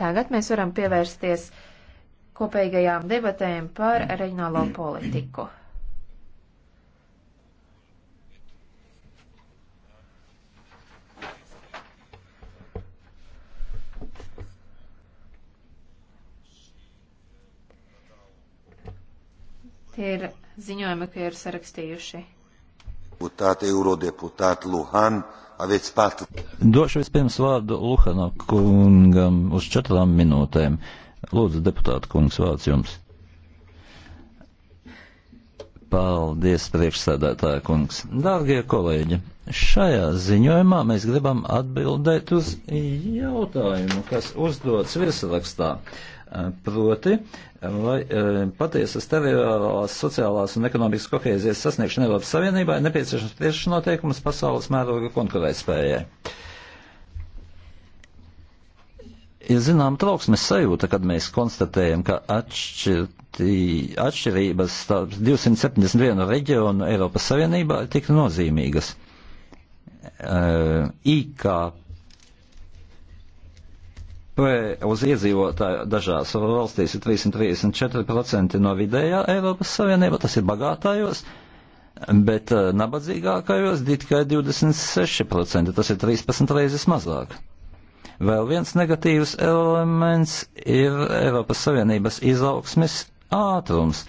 Tagad mēs varam pievērsties kopīgajām debatēm par reģionālo politiku. Tie ir ziņojumi, ko ir sarakstījuši Deputāt, eurodeputāti Luhan, aveți patru. Došu vispirms vārdu Luhana kungam uz četrām minūtēm. Lūdzu, deputāta kungs, vārds jums. Paldies, priekšsēdētāja kungs. Dārgie kolēģi, šajā ziņojumā mēs gribam atbildēt uz jautājumu, kas uzdots virsrakstā. Uh, Proti, lai e, patiesas teritoriālās, sociālās un ekonomikas kohēzijas sasniegšana Eiropas Savienībā ir nepieciešams priekšnoteikums pasaules mēroga konkurētspējai. Ir zinām trauksmes sajūta, kad mēs konstatējam, ka atšķirti, atšķirības starp 271 reģionu Eiropas Savienībā ir tik nozīmīgas. Uh, e, IKP uz iedzīvotāju dažās valstīs ir 334% no vidējā Eiropas Savienībā, tas ir bagātājos, bet eh, nabadzīgākajos tikai 26%, tas ir 13 reizes mazāk. Vēl viens negatīvs elements ir Eiropas Savienības izaugsmes ātrums,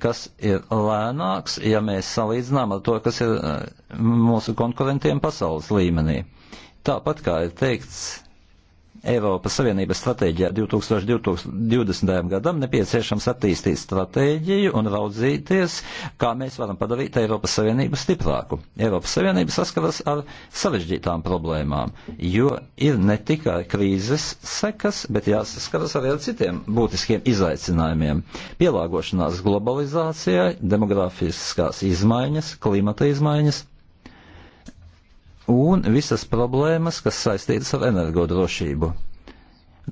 kas ir lēnāks, ja mēs salīdzinām ar to, kas ir eh, mūsu konkurentiem pasaules līmenī. Tāpat kā ir teikts, Eiropas Savienības stratēģijā 2020. gadam nepieciešams attīstīt stratēģiju un raudzīties, kā mēs varam padarīt Eiropas Savienību stiprāku. Eiropas Savienība saskaras ar sarežģītām problēmām, jo ir ne tikai krīzes sekas, bet jāsaskaras arī ar citiem būtiskiem izaicinājumiem - pielāgošanās globalizācijai, demografiskās izmaiņas, klimata izmaiņas un visas problēmas, kas saistītas ar energodrošību.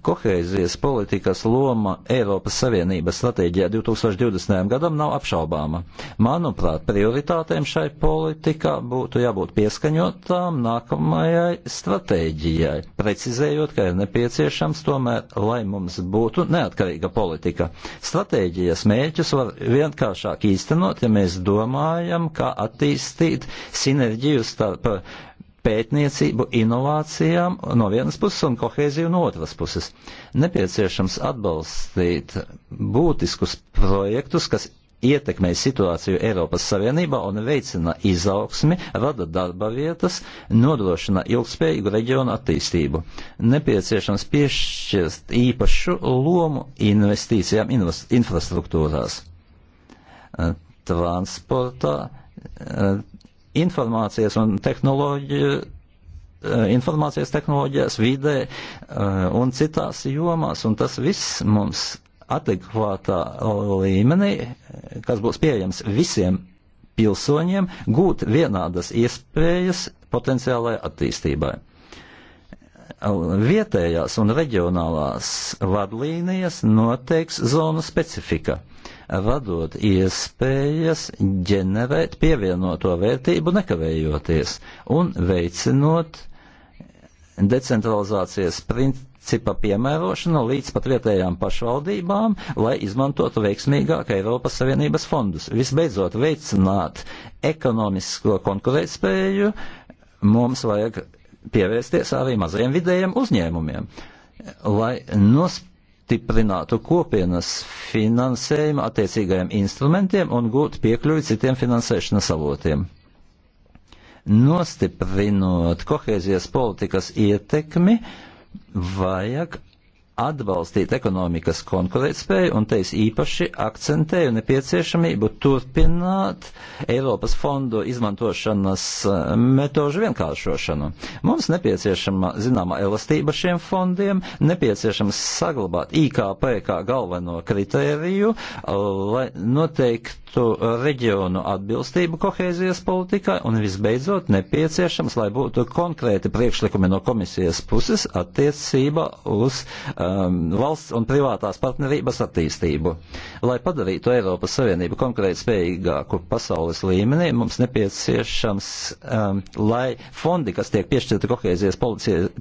Koheizijas politikas loma Eiropas Savienības stratēģijā 2020. gadam nav apšaubāma. Manuprāt, prioritātēm šai politikā būtu jābūt pieskaņotām nākamajai stratēģijai, precizējot, ka ir nepieciešams tomēr, lai mums būtu neatkarīga politika. Stratēģijas mērķus var vienkāršāk īstenot, ja mēs domājam, kā attīstīt sinerģiju starp pētniecību, inovācijām no vienas puses un kohēziju no otras puses. Nepieciešams atbalstīt būtiskus projektus, kas ietekmē situāciju Eiropas Savienībā un veicina izaugsmi, rada darba vietas, nodrošina ilgspējīgu reģionu attīstību. Nepieciešams piešķirt īpašu lomu investīcijām infrastruktūrās, transportā, eh, informācijas un tehnoloģiju eh, informācijas tehnoloģijās, vidē eh, un citās jomās, un tas viss mums adekvātā līmenī, kas būs pieejams visiem pilsoņiem, gūt vienādas iespējas potenciālajai attīstībai. Vietējās un reģionālās vadlīnijas noteiks zonu specifika, radot iespējas ģenerēt pievienoto vērtību nekavējoties un veicinot decentralizācijas principa piemērošanu līdz pat vietējām pašvaldībām, lai izmantotu veiksmīgāk Eiropas Savienības fondus. Visbeidzot, veicināt ekonomisko konkurētspēju mums vajag pievērsties arī mazajiem vidējiem uzņēmumiem, lai nostiprinātu kopienas finansējumu attiecīgajiem instrumentiem un gūtu piekļuvi citiem finansēšanas avotiem. Nostiprinot kohēzijas politikas ietekmi, vajag atbalstīt ekonomikas konkurētspēju, un te es īpaši akcentēju nepieciešamību turpināt Eiropas fondu izmantošanas eh, metožu vienkāršošanu. Mums nepieciešama zināma elastība šiem fondiem, nepieciešams saglabāt IKP kā galveno kritēriju, lai noteiktu citu eh, reģionu atbilstību kohēzijas politikai un visbeidzot nepieciešams, lai būtu konkrēti priekšlikumi no komisijas puses attiecībā uz um, valsts un privātās partnerības attīstību. Lai padarītu Eiropas Savienību konkrēt spējīgāku pasaules līmenī, mums nepieciešams, um, lai fondi, kas tiek piešķirti kohēzijas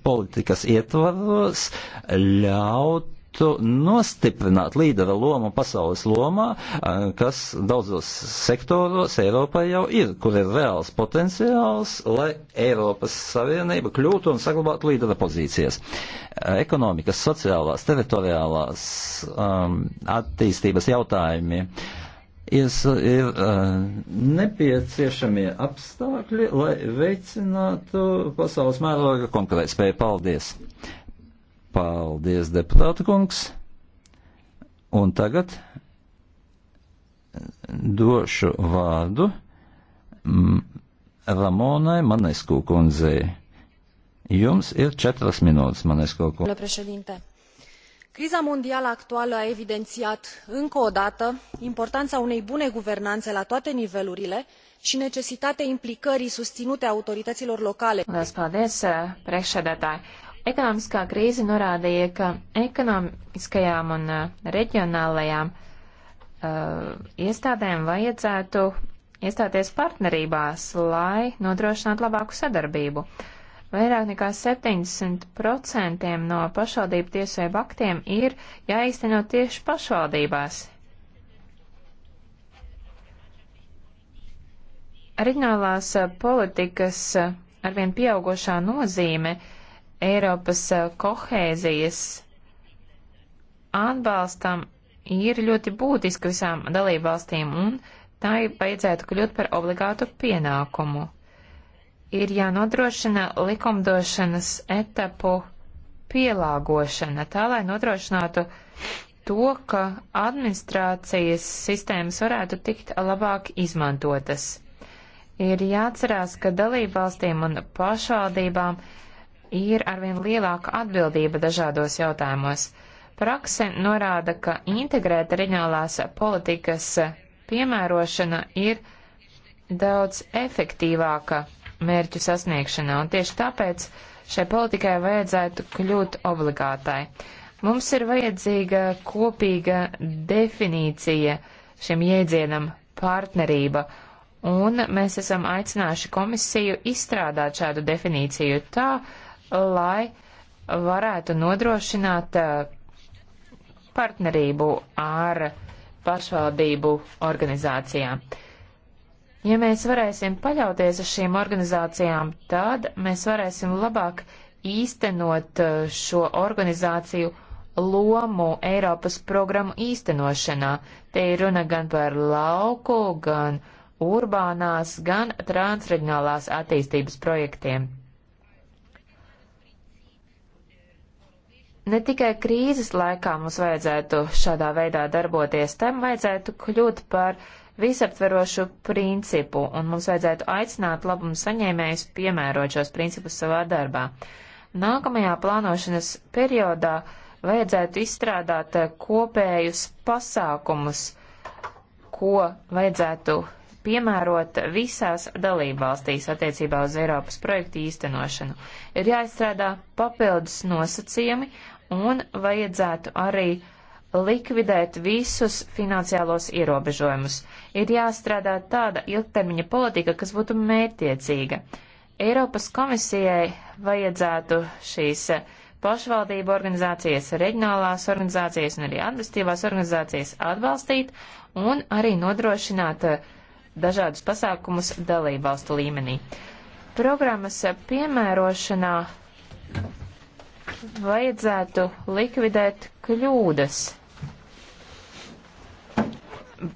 politikas ietvaros, ļautu varētu nostiprināt līdera lomu pasaules lomā, kas daudzos sektoros Eiropai jau ir, kur ir reāls potenciāls, lai Eiropas Savienība kļūtu un saglabātu līdera pozīcijas. Ekonomikas, sociālās, teritoriālās um, attīstības jautājumi ir, ir uh, nepieciešamie apstākļi, lai veicinātu pasaules mēroga konkurētspēju. Paldies! Paldies, deputāta kungs. Un tagad došu vārdu Ramonai Manesku kundzei. Jums ir četras minūtes, Manesku kundze. Criza mondială actuală a evidențiat încă o dată importanța unei bune guvernanțe la toate nivelurile și necesitatea implicării susținute a autorităților locale. Lielas paldies, priekšsēdētāji! Ekonomiskā krīze norādīja, ka ekonomiskajām un eh, reģionālajām uh, iestādēm vajadzētu iestāties partnerībās, lai nodrošinātu labāku sadarbību. Vairāk nekā 70% no pašvaldību tiesību aktiem ir jāizteno tieši pašvaldībās. Reģionālās eh, politikas arvien pieaugošā nozīme uh, Eiropas eh, kohēzijas atbalstam ir ļoti būtiski visām dalībvalstīm, un tā vajadzētu kļūt par obligātu pienākumu. Ir jānodrošina likumdošanas etapu pielāgošana, tā lai nodrošinātu to, ka administrācijas sistēmas varētu tikt labāk izmantotas. Ir jāatcerās, ka dalībvalstīm un pašvaldībām ir arvien lielāka atbildība dažādos jautājumos. Prakse norāda, ka integrēta reģionālās politikas piemērošana ir daudz efektīvāka mērķu sasniegšanā, un tieši tāpēc šai politikai vajadzētu kļūt obligātai. Mums ir vajadzīga kopīga definīcija šim jēdzienam partnerība, un mēs esam aicinājuši komisiju izstrādāt šādu definīciju tā, lai varētu nodrošināt uh, partnerību ar pašvaldību organizācijām. Ja mēs varēsim paļauties uz šīm organizācijām, tad mēs varēsim labāk īstenot uh, šo organizāciju lomu Eiropas programmu īstenošanā. Te ir runa gan par lauku, gan urbānās, gan transreģionālās attīstības projektiem. Ne tikai krīzes laikā mums vajadzētu šādā veidā darboties, tam vajadzētu kļūt par visaptverošu principu, un mums vajadzētu aicināt labumu saņēmējus piemērot šos principus savā darbā. Nākamajā plānošanas periodā vajadzētu izstrādāt eh, kopējus pasākumus, ko vajadzētu piemērot visās dalībvalstīs attiecībā uz Eiropas projektu īstenošanu. Ir jāizstrādā papildus nosacījumi un vajadzētu arī likvidēt visus finansiālos ierobežojumus. Ir jāstrādā tāda ilgtermiņa politika, kas būtu mērtiecīga. Eiropas komisijai vajadzētu šīs eh, pašvaldību organizācijas, reģionālās organizācijas un arī atbrīvās organizācijas atbalstīt un arī nodrošināt eh, dažādus pasākumus dalībvalstu līmenī. Programmas eh, piemērošanā vajadzētu likvidēt kļūdas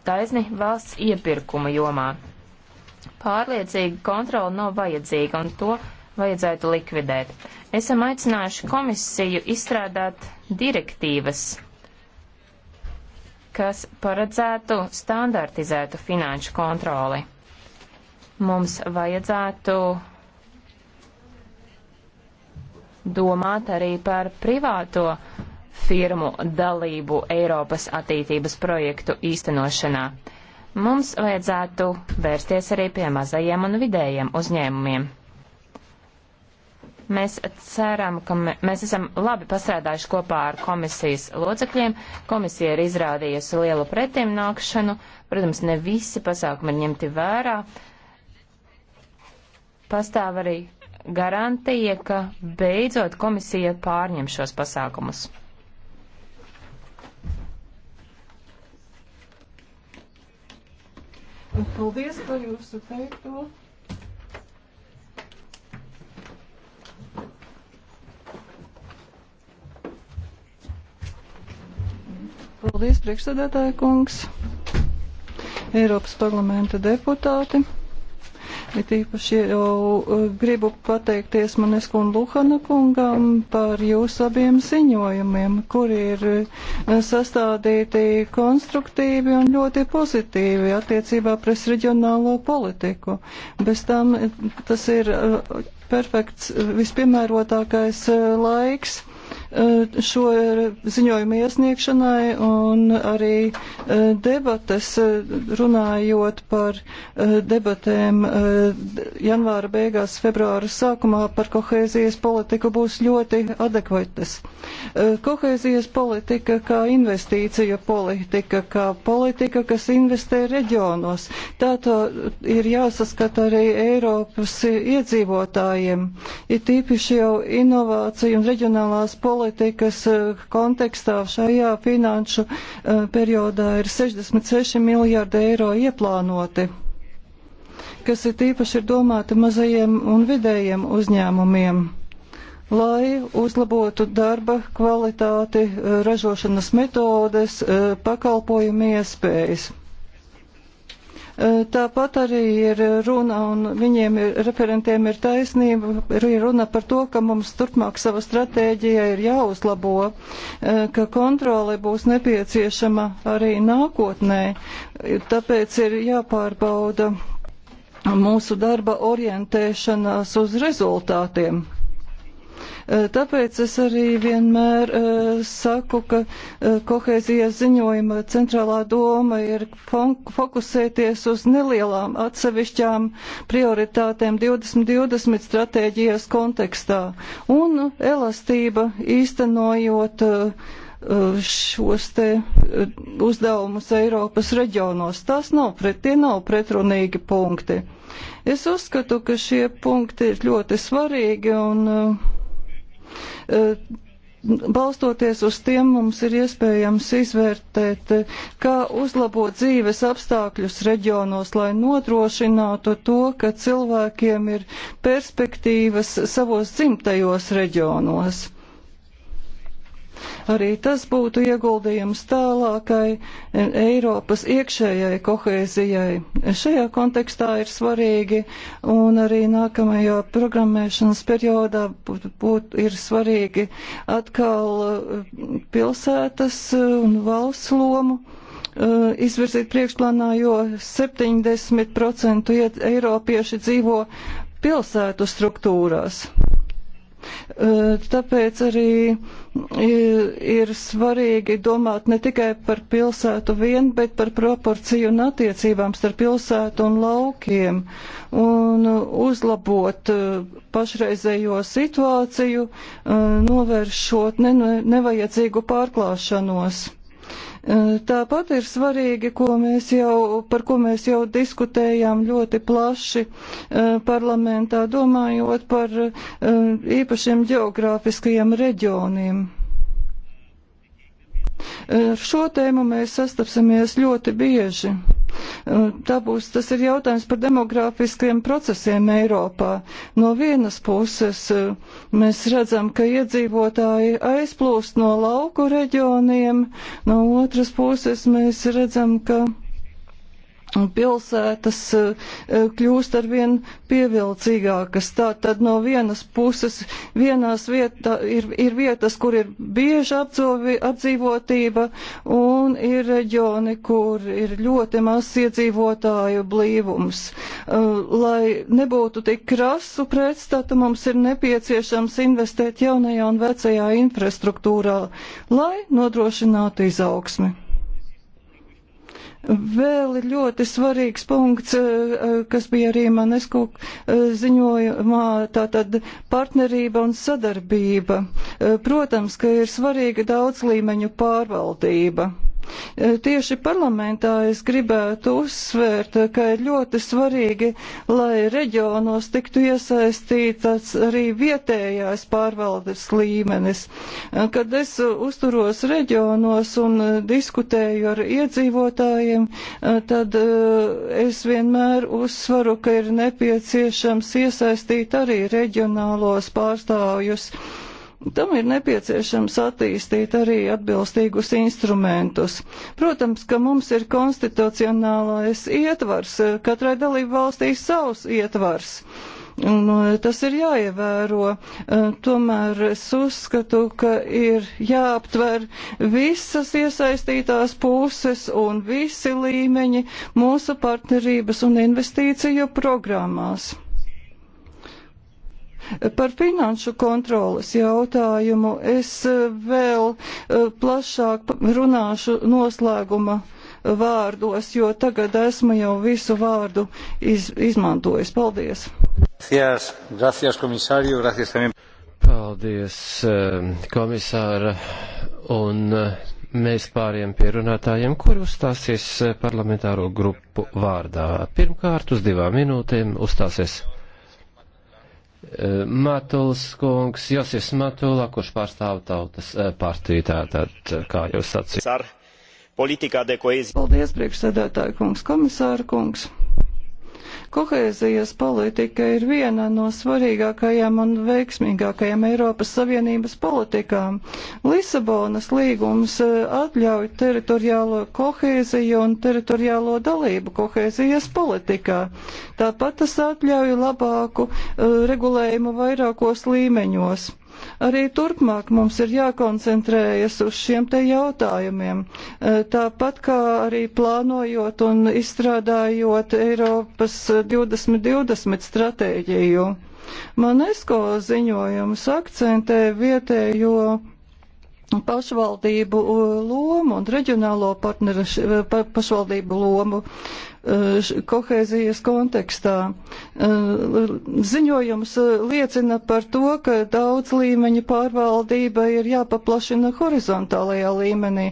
taisni valsts iepirkuma jomā. Pārliecīga kontrola nav vajadzīga, un to vajadzētu likvidēt. Esam aicinājuši komisiju izstrādāt direktīvas, kas paredzētu standartizētu finanšu kontroli. Mums vajadzētu domāt arī par privāto firmu dalību Eiropas attīstības projektu īstenošanā. Mums vajadzētu vērsties arī pie mazajiem un vidējiem uzņēmumiem. Mēs ceram, ka mēs esam labi pastrādājuši kopā ar komisijas locekļiem. Komisija ir izrādījusi lielu pretimnākšanu. Protams, ne visi pasākumi ir ņemti vērā. Pastāv arī garantija, ka beidzot komisija pārņem šos pasākumus? Paldies par jūsu teikto. Paldies, priekšsēdētāja kungs, Eiropas parlamenta deputāti. It īpaši jau e, gribu pateikties Manesku un Luhana kungam par jūsu abiem ziņojumiem, kuri ir e, sastādīti konstruktīvi un ļoti pozitīvi attiecībā pret reģionālo politiku. Bez tam e, tas ir perfekts, vispiemērotākais laiks Eh, šo ziņojumu iesniegšanai un arī eh, debates eh, runājot par debatēm janvāra beigās, februāra sākumā par kohēzijas politiku būs ļoti adekvatas. Kohēzijas politika kā investīcija politika, kā politika, kas investē reģionos. Tā to ir jāsaskata arī Eiropas iedzīvotājiem. Ir tīpaši jau inovācija un reģionālās politikas politikas eh, kontekstā šajā finanšu eh, periodā ir 66 miljārdi eiro ieplānoti kas ir īpaši ir domāti mazajiem un vidējiem uzņēmumiem, lai uzlabotu darba kvalitāti, eh, ražošanas metodes, pakalpojumu iespējas. Eh, tāpat arī ir runa, un viņiem ir, referentiem ir taisnība, arī runa par to, ka mums turpmāk sava stratēģija ir jāuzlabo, eh, ka kontrole būs nepieciešama arī nākotnē. Tāpēc ir jāpārbauda mūsu darba orientēšanās uz rezultātiem. Eh, tāpēc es arī vienmēr eh, saku, ka eh, kohēzijas ziņojuma centrālā doma ir fokusēties uz nelielām atsevišķām prioritātēm 2020 stratēģijas kontekstā un elastība īstenojot šos te uzdevumus Eiropas reģionos. Tas nav pret, tie nav pretrunīgi punkti. Es uzskatu, ka šie punkti ir ļoti svarīgi un uh, Eh, balstoties uz tiem mums ir iespējams izvērtēt, eh, kā uzlabot dzīves apstākļus reģionos, lai nodrošinātu to, ka cilvēkiem ir perspektīvas savos dzimtajos reģionos. Arī tas būtu ieguldījums tālākai Eiropas iekšējai kohēzijai. Šajā kontekstā ir svarīgi un arī nākamajā programmēšanas periodā būt, būt, ir svarīgi atkal uh, pilsētas uh, un valsts lomu uh, izvirzīt priekšplānā, jo 70% eiropieši dzīvo pilsētu struktūrās. Eh, tāpēc arī eh, ir svarīgi domāt ne tikai par pilsētu vien, bet par proporciju un attiecībām starp pilsētu un laukiem un uzlabot eh, pašreizējo situāciju, novēršot nevajadzīgu pārklāšanos. Tāpat ir svarīgi, ko mēs jau, par ko mēs jau diskutējām ļoti plaši parlamentā, domājot par īpašiem geogrāfiskajiem reģioniem. Ar šo tēmu mēs sastapsimies ļoti bieži. Tā būs, tas ir jautājums par demografiskiem procesiem Eiropā. No vienas puses mēs redzam, ka iedzīvotāji aizplūst no lauku reģioniem, no otras puses mēs redzam, ka pilsētas eh, eh, kļūst arvien pievilcīgākas. Tātad no vienas puses vienās vietā ir, ir vietas, kur ir bieža apdzovi, apdzīvotība un ir reģioni, kur ir ļoti maz iedzīvotāju blīvums. Eh, lai nebūtu tik krasu pretstata, mums ir nepieciešams investēt jaunajā un vecajā infrastruktūrā, lai nodrošinātu izaugsmi. Vēl ir ļoti svarīgs punkts, eh, eh, kas bija arī manesko eh, ziņojumā, tātad partnerība un sadarbība. Protams, ka ir svarīga daudz līmeņu pārvaldība. Eh, tieši parlamentā es gribētu uzsvērt, ka ir ļoti svarīgi, lai reģionos tiktu iesaistītas arī vietējās pārvaldes līmenis. Eh, kad es uzturos reģionos un diskutēju ar iedzīvotājiem, eh, tad es vienmēr uzsvaru, ka ir nepieciešams iesaistīt arī reģionālos pārstāvjus. Tam ir nepieciešams attīstīt arī atbilstīgus instrumentus. Protams, ka mums ir konstitucionālais ietvars, eh, katrai dalību valstī savs ietvars. Eh, tas ir jāievēro. Eh, tomēr es uzskatu, ka ir jāaptver visas iesaistītās puses un visi līmeņi mūsu partnerības un investīciju programmās. Par finanšu kontrolas jautājumu es e, vēl e, plašāk runāšu noslēguma e, vārdos, jo tagad esmu jau visu vārdu iz, izmantojis. Paldies! Gracias, gracias komisārio, gracias también. Paldies, komisāra, un mēs pāriem pie runātājiem, kur uzstāsies parlamentāro grupu vārdā. Pirmkārt, uz divām minūtēm uzstāsies Matuls kungs, Josifs Matula, kurš pārstāv tautas eh, partiju, tātad, kā jūs sacījāt. Politikā de koēzija. Paldies, priekšsēdētāju kungs, komisāra kungs. Kohēzijas politika ir viena no svarīgākajām un veiksmīgākajām Eiropas Savienības politikām. Lisabonas līgums eh, atļauj teritoriālo kohēziju un teritoriālo dalību kohēzijas politikā. Tāpat tas atļauj labāku uh, regulējumu vairākos līmeņos. Arī turpmāk mums ir jākoncentrējas uz šiem te jautājumiem. Eh, tāpat kā arī plānojot un izstrādājot Eiropas 2020 stratēģiju. Manesko ziņojums akcentē vietējo pašvaldību uh, lomu un reģionālo partneru uh, pašvaldību lomu uh, kohēzijas kontekstā. Ziņojums liecina par to, ka daudz līmeņu pārvaldība ir jāpaplašina horizontālajā līmenī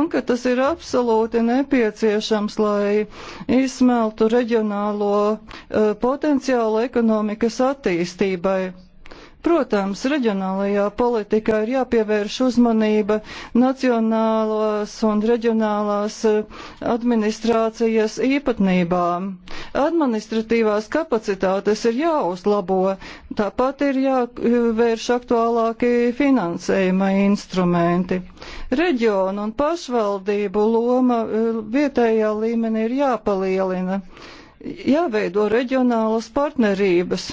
un ka tas ir absolūti nepieciešams, lai izsmeltu reģionālo potenciālu ekonomikas attīstībai. Protams, reģionālajā politikā ir jāpievērš uzmanība nacionālās un reģionālās eh, administrācijas īpatnībām. Administratīvās kapacitātes ir jāuzlabo, tāpat ir jāvērš aktuālāki finansējuma instrumenti. Reģionu un pašvaldību loma eh, vietējā līmenī ir jāpalielina, jāveido reģionālas partnerības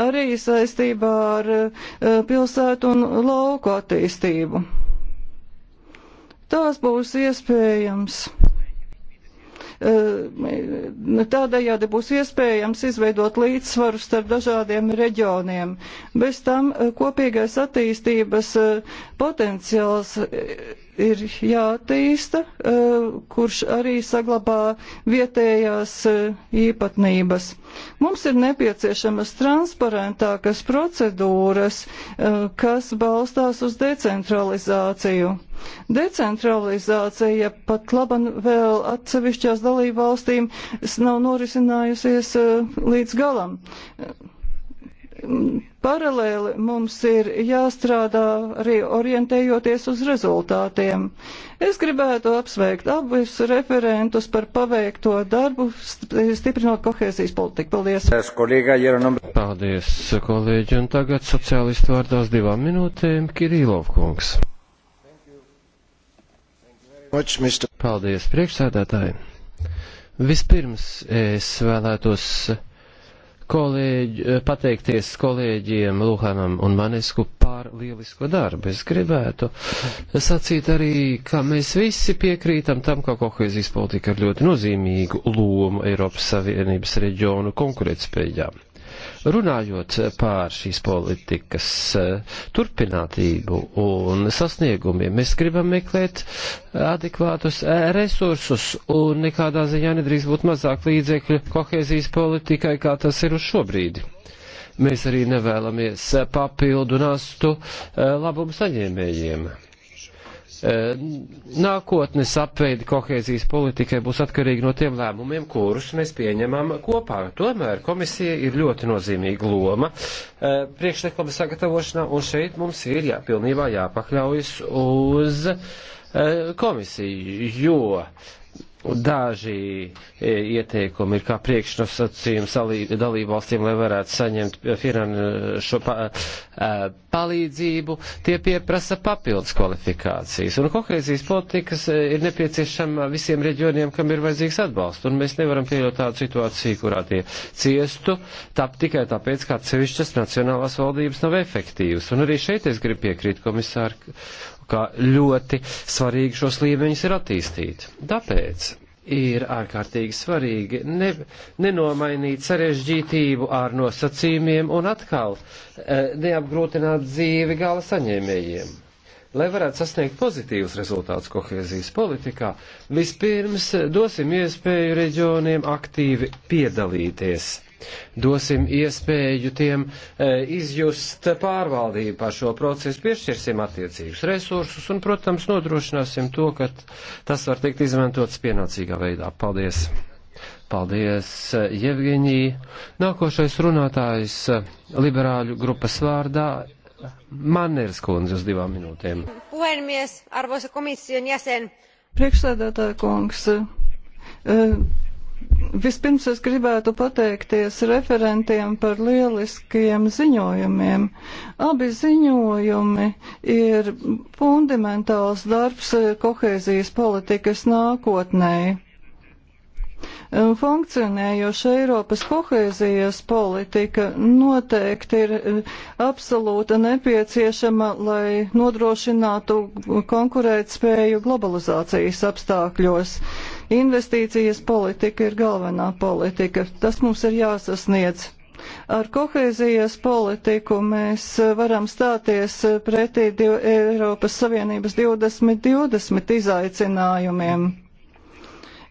arī saistībā ar e, pilsētu un lauku attīstību. Tās būs iespējams. E, tādējādi būs iespējams izveidot līdzsvaru starp dažādiem reģioniem. Bez tam e, kopīgais attīstības potenciāls ir jātīsta, e, kurš arī saglabā vietējās e, īpatnības. Mums ir nepieciešamas transparentākas procedūras, e, kas balstās uz decentralizāciju. Decentralizācija pat laban vēl atsevišķās dalībvalstīm nav norisinājusies līdz galam Paralēli mums ir jāstrādā arī orientējoties uz rezultātiem. Es gribētu apsveikt abus referentus par paveikto darbu, stiprinot kohēzijas politiku. Paldies! Paldies, kolēģi! Un tagad sociālistu vārdās divām minūtēm Kirīlov kungs. Paldies, priekšsēdētāji! Vispirms es vēlētos kolēģi, eh, pateikties kolēģiem Luhanam un Manesku par lielisko darbu. Es gribētu sacīt arī, ka mēs visi piekrītam tam, ka kohēzijas politika ir ļoti nozīmīgu lomu Eiropas Savienības reģionu konkurētspējām. Runājot pār šīs politikas eh, turpinātību un sasniegumiem, mēs gribam meklēt eh, adekvātus eh, resursus un nekādā ziņā nedrīkst būt mazāk līdzekļu kohēzijas politikai, kā tas ir uz šobrīd. Mēs arī nevēlamies papildu nastu labumu saņēmējiem. Eh, nākotnes apveidi kohēzijas politikai būs atkarīgi no tiem lēmumiem, kurus mēs pieņemam kopā. Tomēr komisija ir ļoti nozīmīga loma eh, priekšlikuma sagatavošanā, un šeit mums ir jā, pilnībā jāpakļaujas uz eh, komisiju, jo Daži e, ieteikumi ir kā priekšnosacījums dalībvalstīm, lai varētu saņemt finanšu pa, e, palīdzību, tie pieprasa papildus kvalifikācijas. Un kohēzijas politikas e, ir nepieciešama visiem reģioniem, kam ir vajadzīgs atbalsts. Un mēs nevaram pieļaut tādu situāciju, kurā tie ciestu tap tikai tāpēc, ka atsevišķas nacionālās valdības nav efektīvas. Un arī šeit es gribu piekrīt komisāru kā ļoti svarīgi šos līmeņus ir attīstīt. Tāpēc ir ārkārtīgi svarīgi ne, nenomainīt sarežģītību ar nosacījumiem un atkal e, neapgrūtināt dzīvi gala saņēmējiem. Lai varētu sasniegt pozitīvus rezultātus kohēzijas politikā, vispirms dosim iespēju reģioniem aktīvi piedalīties Dosim iespēju tiem e, izjust pārvaldību par šo procesu, piešķirsim attiecīgus resursus un, protams, nodrošināsim to, ka tas var tikt izmantots pienācīgā veidā. Paldies! Paldies, Jevgeņī. Nākošais runātājs e, liberāļu grupas vārdā Manners kundze uz divām minūtēm. Puhemies, arvoisa komission jäsen. Priekšsēdētāja kungs, e, Vispirms es gribētu pateikties referentiem par lieliskajiem ziņojumiem. Abi ziņojumi ir fundamentāls darbs kohēzijas politikas nākotnēji. Funkcionējoša Eiropas kohēzijas politika noteikti ir absolūta nepieciešama, lai nodrošinātu konkurētspēju globalizācijas apstākļos. Investīcijas politika ir galvenā politika. Tas mums ir jāsasniedz. Ar kohēzijas politiku mēs varam stāties pretī Eiropas Savienības 2020 izaicinājumiem.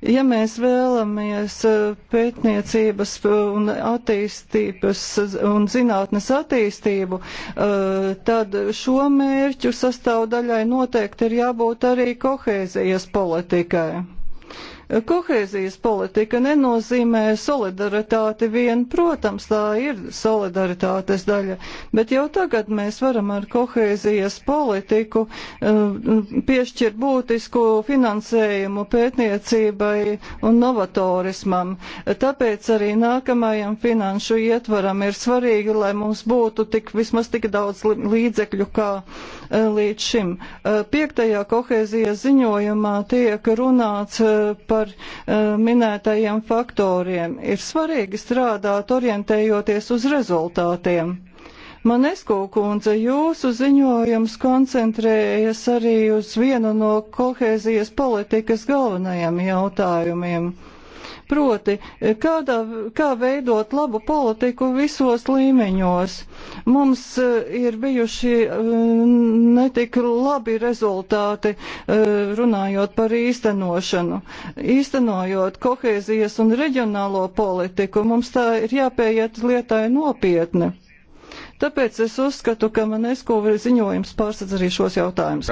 Ja mēs vēlamies eh, pētniecības eh, un attīstības eh, un zinātnes attīstību, tad šo mērķu sastāvdaļai noteikti ir jābūt arī kohēzijas politikai. Kohēzijas politika nenozīmē solidaritāti vien, protams, tā ir solidaritātes daļa, bet jau tagad mēs varam ar kohēzijas politiku eh, piešķirt būtisku finansējumu pētniecībai un novatorismam. Tāpēc arī nākamajam finanšu ietvaram ir svarīgi, lai mums būtu tik, vismaz tik daudz līdzekļu kā eh, līdz šim. Eh, piektajā kohēzijas ziņojumā tiek runāts par par eh, minētajiem faktoriem. Ir svarīgi strādāt orientējoties uz rezultātiem. Manesko kundze, jūsu ziņojums koncentrējas arī uz vienu no kohēzijas politikas galvenajiem jautājumiem Proti, kādā, kā veidot labu politiku visos līmeņos. Mums e, ir bijuši e, netik labi rezultāti e, runājot par īstenošanu. Īstenojot kohēzijas un reģionālo politiku, mums tā ir jāpieiet lietai nopietni. Tāpēc es uzskatu, ka Manesko ziņojums pārsadz arī šos jautājumus.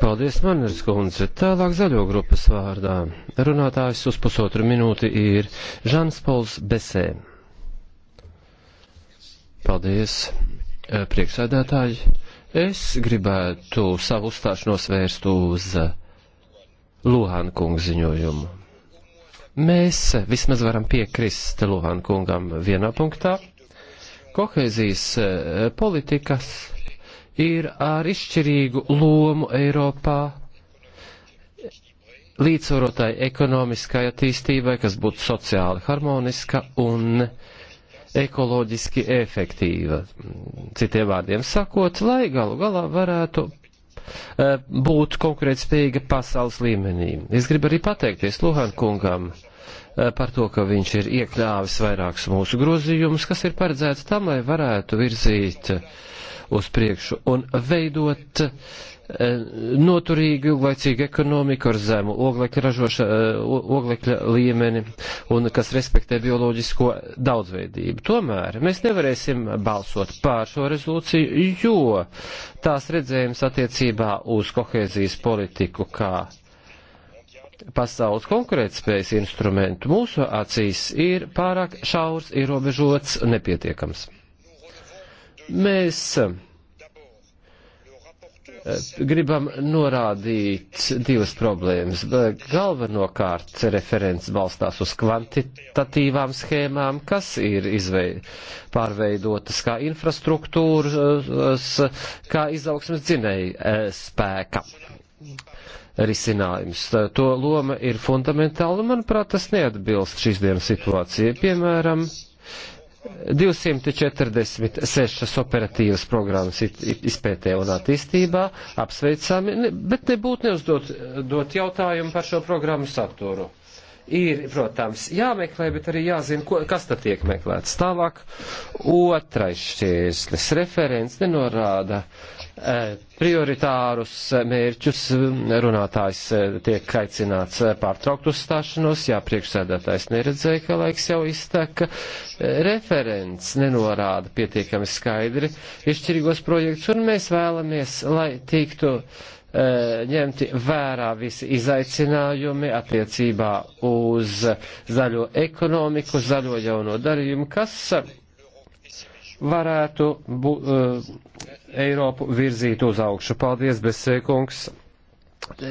Paldies, Manis Kundze. Tālāk zaļo grupas vārdā. Runātājs uz pusotru minūti ir Žans Pols Besē. Paldies, eh, priekšsēdētāji. Es gribētu savu uzstāšanos vērst uz eh, Luhāna kungu ziņojumu. Mēs vismaz varam piekrist Luhāna kungam vienā punktā. Kohēzijas eh, politikas ir ar izšķirīgu lomu Eiropā līdzsvarotai ekonomiskai attīstībai, kas būtu sociāli harmoniska un ekoloģiski efektīva. Citiem vārdiem sakot, lai galu galā varētu eh, būt konkurētspējīga pasaules līmenī. Es gribu arī pateikties Luhan kungam eh, par to, ka viņš ir iekļāvis vairākus mūsu grozījumus, kas ir paredzēts tam, lai varētu virzīt uh, uz priekšu un veidot eh, noturīgu, ilglaicīgu ekonomiku ar zemu oglekļa, ražoša, eh, oglekļa līmeni un kas respektē bioloģisko daudzveidību. Tomēr mēs nevarēsim balsot pār šo rezolūciju, jo tās redzējums attiecībā uz kohēzijas politiku kā pasaules konkurētspējas instrumentu mūsu acīs ir pārāk šaurs, ierobežots, nepietiekams. Mēs eh, gribam norādīt divas problēmas. Galvenokārt referents balstās uz kvantitatīvām schēmām, kas ir izvei, pārveidotas kā infrastruktūras, kā izaugsmes dzinēja eh, spēka risinājums. To loma ir fundamentāla, un manuprāt, tas neatbilst šīs dienas situācijai. Piemēram, 246 operatīvas programmas izpētē un attīstībā apsveicami, bet nebūtu neuzdot dot jautājumu par šo programmu saturu. Ir, protams, jāmeklē, bet arī jāzina, ko, kas tad tiek meklēts tālāk. Otrais šķērslis referents nenorāda Eh, prioritārus eh, mērķus eh, runātājs tiek aicināts pārtraukt uzstāšanos, jā, priekšsēdētājs neredzēja, ka laiks jau izteka. Referents nenorāda pietiekami skaidri izšķirīgos projektus, un mēs vēlamies, lai tiktu ņemti vērā visi izaicinājumi attiecībā uz zaļo ekonomiku, zaļo jauno darījumu, kas varētu būt Eiropu virzīt uz augšu. Paldies, Besēkungs!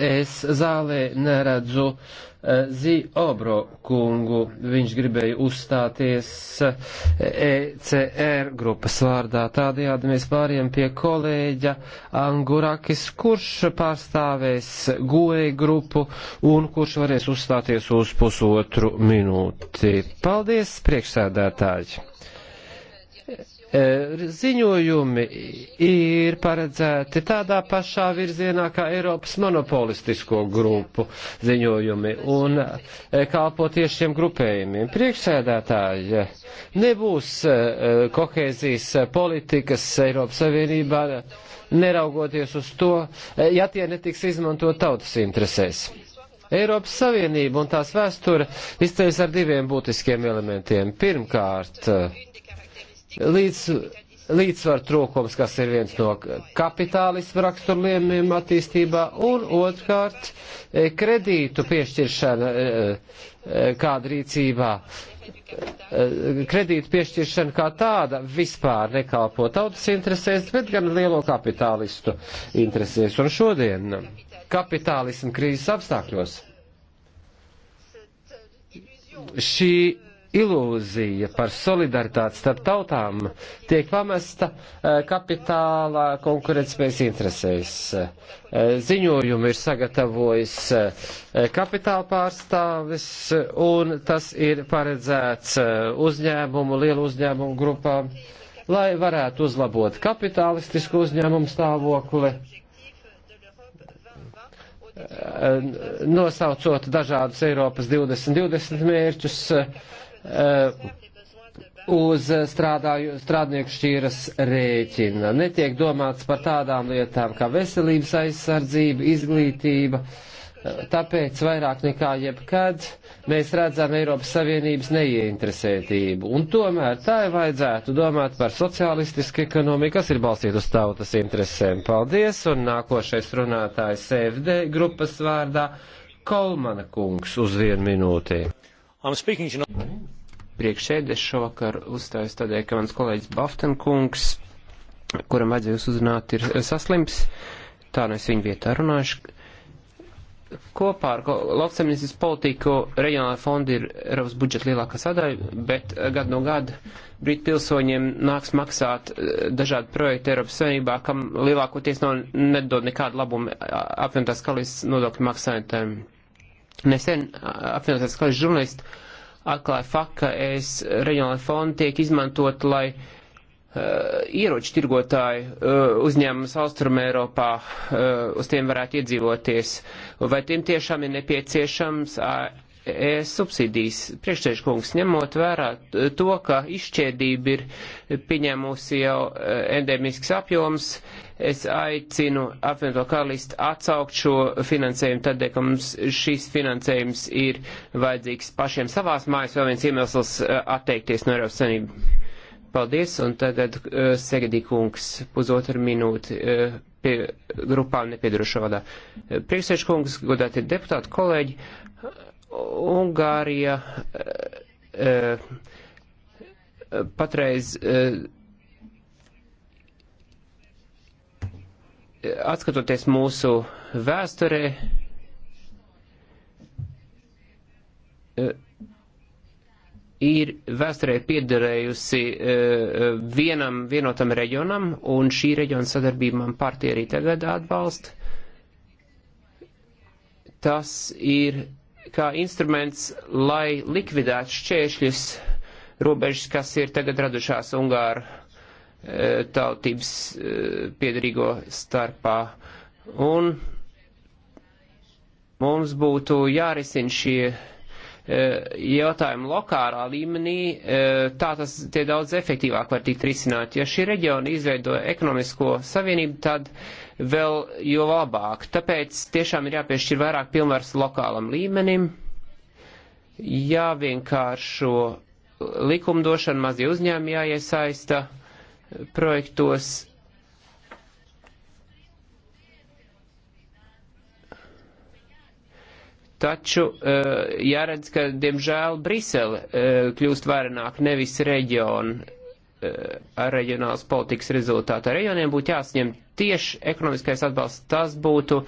Es zālē neredzu eh, Zi Obro kungu. Viņš gribēja uzstāties ECR eh, e grupas vārdā. Tādējādi mēs pāriem pie kolēģa Angurakis, kurš pārstāvēs GOE grupu un kurš varēs uzstāties uz pusotru minūti. Paldies, priekšsēdētāji! E, ziņojumi ir paredzēti tādā pašā virzienā kā Eiropas monopolistisko grupu ziņojumi un e, kalpo tieši šiem grupējumiem. Priekšsēdētāji, nebūs e, kohēzijas politikas Eiropas Savienībā, neraugoties uz to, ja tie netiks izmantot tautas interesēs. Eiropas Savienība un tās vēsture izceļas ar diviem būtiskiem elementiem. Pirmkārt, uh, Līdz līdzsvaru trūkums, kas ir viens no kapitālismu raksturliemiem attīstībā, un otrkārt eh, kredītu piešķiršana eh, eh, kāda rīcībā. Kredītu piešķiršana kā tāda vispār nekalpo tautas interesēs, bet gan lielo kapitālistu interesēs. Un šodien kapitālismu krīzes apstākļos šī ilūzija par solidaritāti starp tautām tiek pamesta eh, kapitāla konkurētspējas interesēs. Eh, ziņojumu ir sagatavojis eh, kapitāla pārstāvis, un tas ir paredzēts uzņēmumu, lielu uzņēmumu grupām, lai varētu uzlabot kapitalistisku uzņēmumu stāvokli nosaucot dažādus Eiropas 2020 mērķus, Eh, uz strādāju, strādnieku šķīras rēķina. Netiek domāts par tādām lietām kā veselības aizsardzība, izglītība. Eh, tāpēc vairāk nekā jebkad mēs redzam Eiropas Savienības neieinteresētību. Un tomēr tā ir vajadzētu domāt par sociālistisku ekonomiku, kas ir balstīta uz tautas interesēm. Paldies! Un nākošais runātājs CFD grupas vārdā Kolmana kungs uz vienu minūti. Priekšsēdē šovakar uzstājas tādēļ, ka mans kolēģis Baftenkungs, kuram vajadzēja jūs uzrunāt, ir saslims. Tā nu es viņu vietā runāšu kopā ar lauksaimniecības politiku reģionālai fondi ir Eiropas budžeta lielākā sadaļa, bet eh, gadu no gada Brīt pilsoņiem nāks maksāt eh, dažādi projekti Eiropas Savienībā, kam lielākoties nav nedod nekādu labumu apvienotās kalīs nodokļu maksājumiem. Nesen apvienotās klases žurnālisti atklāja faktu, ka es reģionāli fondi tiek izmantot, lai uh, ieroču tirgotāji uh, uzņēmumus Austrum Eiropā uh, uz tiem varētu iedzīvoties. Vai tiem tiešām ir nepieciešams uh, subsīdijas priekšsēžkungs, ņemot vērā to, ka izšķēdība ir pieņēmusi jau eh, endemisks apjoms, es aicinu apvienoto karalistu atsaukt šo finansējumu, tad, ka mums šis finansējums ir vajadzīgs pašiem savās mājas, vēl viens iemesls eh, atteikties no Eiropas Sanību. Paldies, un tagad uh, Segedī kungs pusotru minūti uh, pie grupām nepiedarušo vadā. Priekšsēžkungs, godāti deputāti, kolēģi. Uh, Ungārija eh, eh, patreiz eh, atskatoties mūsu vēsturē, ir vēsturē piederējusi vienam vienotam reģionam, un šī reģiona sadarbība man partija arī tagad atbalsta. Tas ir kā instruments, lai likvidētu šķēršļus robežas, kas ir tagad radušās Ungāru e, tautības e, piedarīgo starpā. Un mums būtu jārisina šie e, jautājumi lokālā līmenī, tā tas tie daudz efektīvāk var tikt risināt. Ja šī reģiona izveido ekonomisko savienību, tad uh, vēl jo labāk. Tāpēc tiešām ir jāpiešķir vairāk pilnvars lokālam līmenim, jāvienkāršo likumdošana, mazie uzņēmumi jāiesaista projektos. Taču eh, jāredz, ka diemžēl Brisele eh, kļūst varenāk nevis reģionu eh, ar reģionālas politikas rezultātā. Reģioniem būtu jāsņem tieši ekonomiskais atbalsts, tas būtu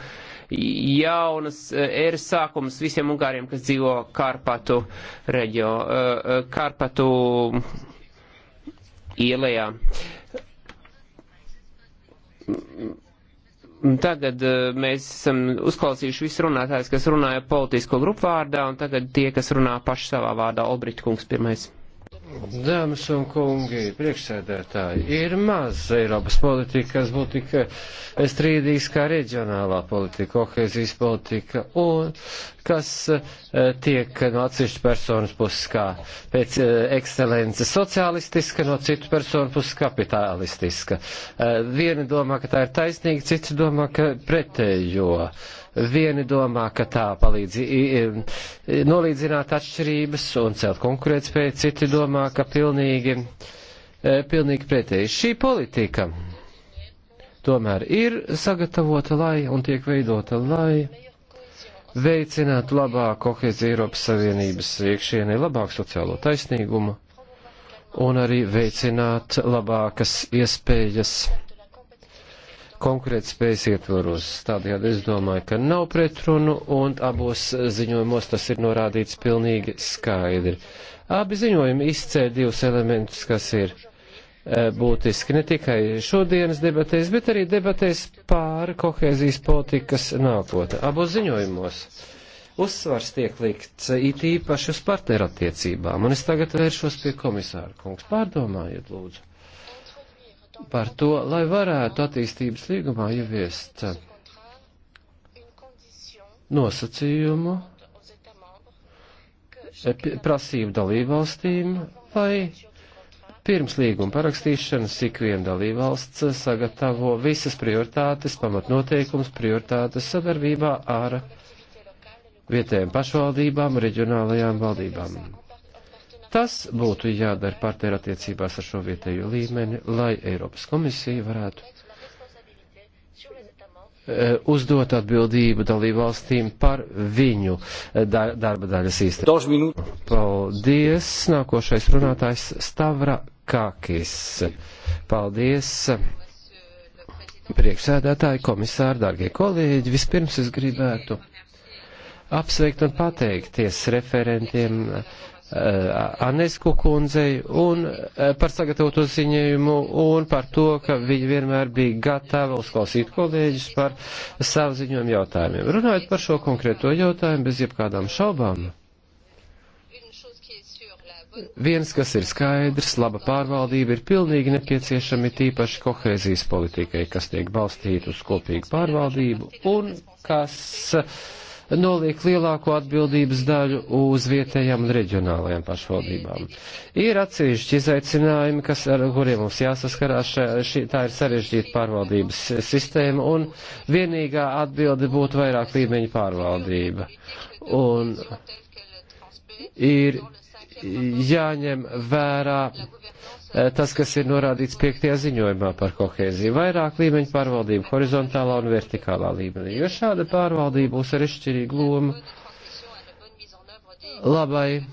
jaunas e, ēras sākums visiem ungāriem, kas dzīvo Karpatu reģio, e, e, Karpatu ielējā. Tagad mēs esam uzklausījuši visus runātājus, kas runāja politisko grupu vārdā, un tagad tie, kas runā paši savā vārdā, Olbrīt kungs pirmais. Dāmas un kungi, priekšsēdētāji, ir maz Eiropas politika, kas būtu tik eh, strīdīgs kā reģionālā politika, kohēzijas politika, un kas eh, tiek no atsevišķu personas puses kā pēc eh, ekscelences socialistiska, no citu personu puses kapitalistiska. Vieni domā, ka tā ir taisnīga, citi domā, ka pretējo. Vieni domā, ka tā palīdz nolīdzināt atšķirības un celt konkurētspēju, citi domā, ka pilnīgi, e, pilnīgi pretēji. Šī politika tomēr ir sagatavota lai un tiek veidota lai veicinātu labāku kohēziju Eiropas Savienības iekšienē, labāku sociālo taisnīgumu un arī veicināt labākas iespējas konkurētspējas ietvaros. Tādējādi es domāju, ka nav pretrunu un abos ziņojumos tas ir norādīts pilnīgi skaidri. Abi ziņojumi izcēla divus elementus, kas ir e, būtiski ne tikai šodienas debatēs, bet arī debatēs pār kohēzijas politikas nākotne. Abos ziņojumos uzsvars tiek likts it īpaši uz partnerattiecībām, un es tagad vēršos pie komisāra kungs. Pārdomājiet, lūdzu par to, lai varētu attīstības līgumā ieviest nosacījumu, e, prasību dalībvalstīm, lai pirms līguma parakstīšanas ikviena dalībvalsts sagatavo visas prioritātes, pamatnoteikums, prioritātes sadarbībā ar vietējiem pašvaldībām, reģionālajām valdībām. Tas būtu jādara partneru attiecībās ar šo vietējo līmeni, lai Eiropas komisija varētu e, uzdot atbildību dalību valstīm par viņu e, darba daļas īstenošanu. Paldies! Nākošais runātājs Stavra Kākis. Paldies! Priekšsēdētāji, komisāri, dārgie kolēģi, vispirms es gribētu apsveikt un pateikties referentiem Eh, Anesku kundzei un eh, par sagatavoto ziņojumu un par to, ka viņi vienmēr bija gatavi uzklausīt kolēģis par savu ziņojumu jautājumiem. Runājot par šo konkrēto jautājumu bez jebkādām šaubām. Viens, kas ir skaidrs, laba pārvaldība ir pilnīgi nepieciešami tīpaši kohēzijas politikai, kas tiek balstīta uz kopīgu pārvaldību un kas uh, noliek lielāko atbildības daļu uz vietējām un reģionālajām pašvaldībām. Ir atsevišķi izaicinājumi, kas, ar kuriem mums jāsaskarās. Šī, tā ir sarežģīta pārvaldības sistēma, un vienīgā atbilde būtu vairāk līmeņa pārvaldība. Un ir jāņem vērā Eh, tas, kas ir norādīts piektajā ziņojumā par kohēziju. Vairāk līmeņu pārvaldību horizontālā un vertikālā līmenī, jo šāda pārvaldība būs ar izšķirīgu lomu labai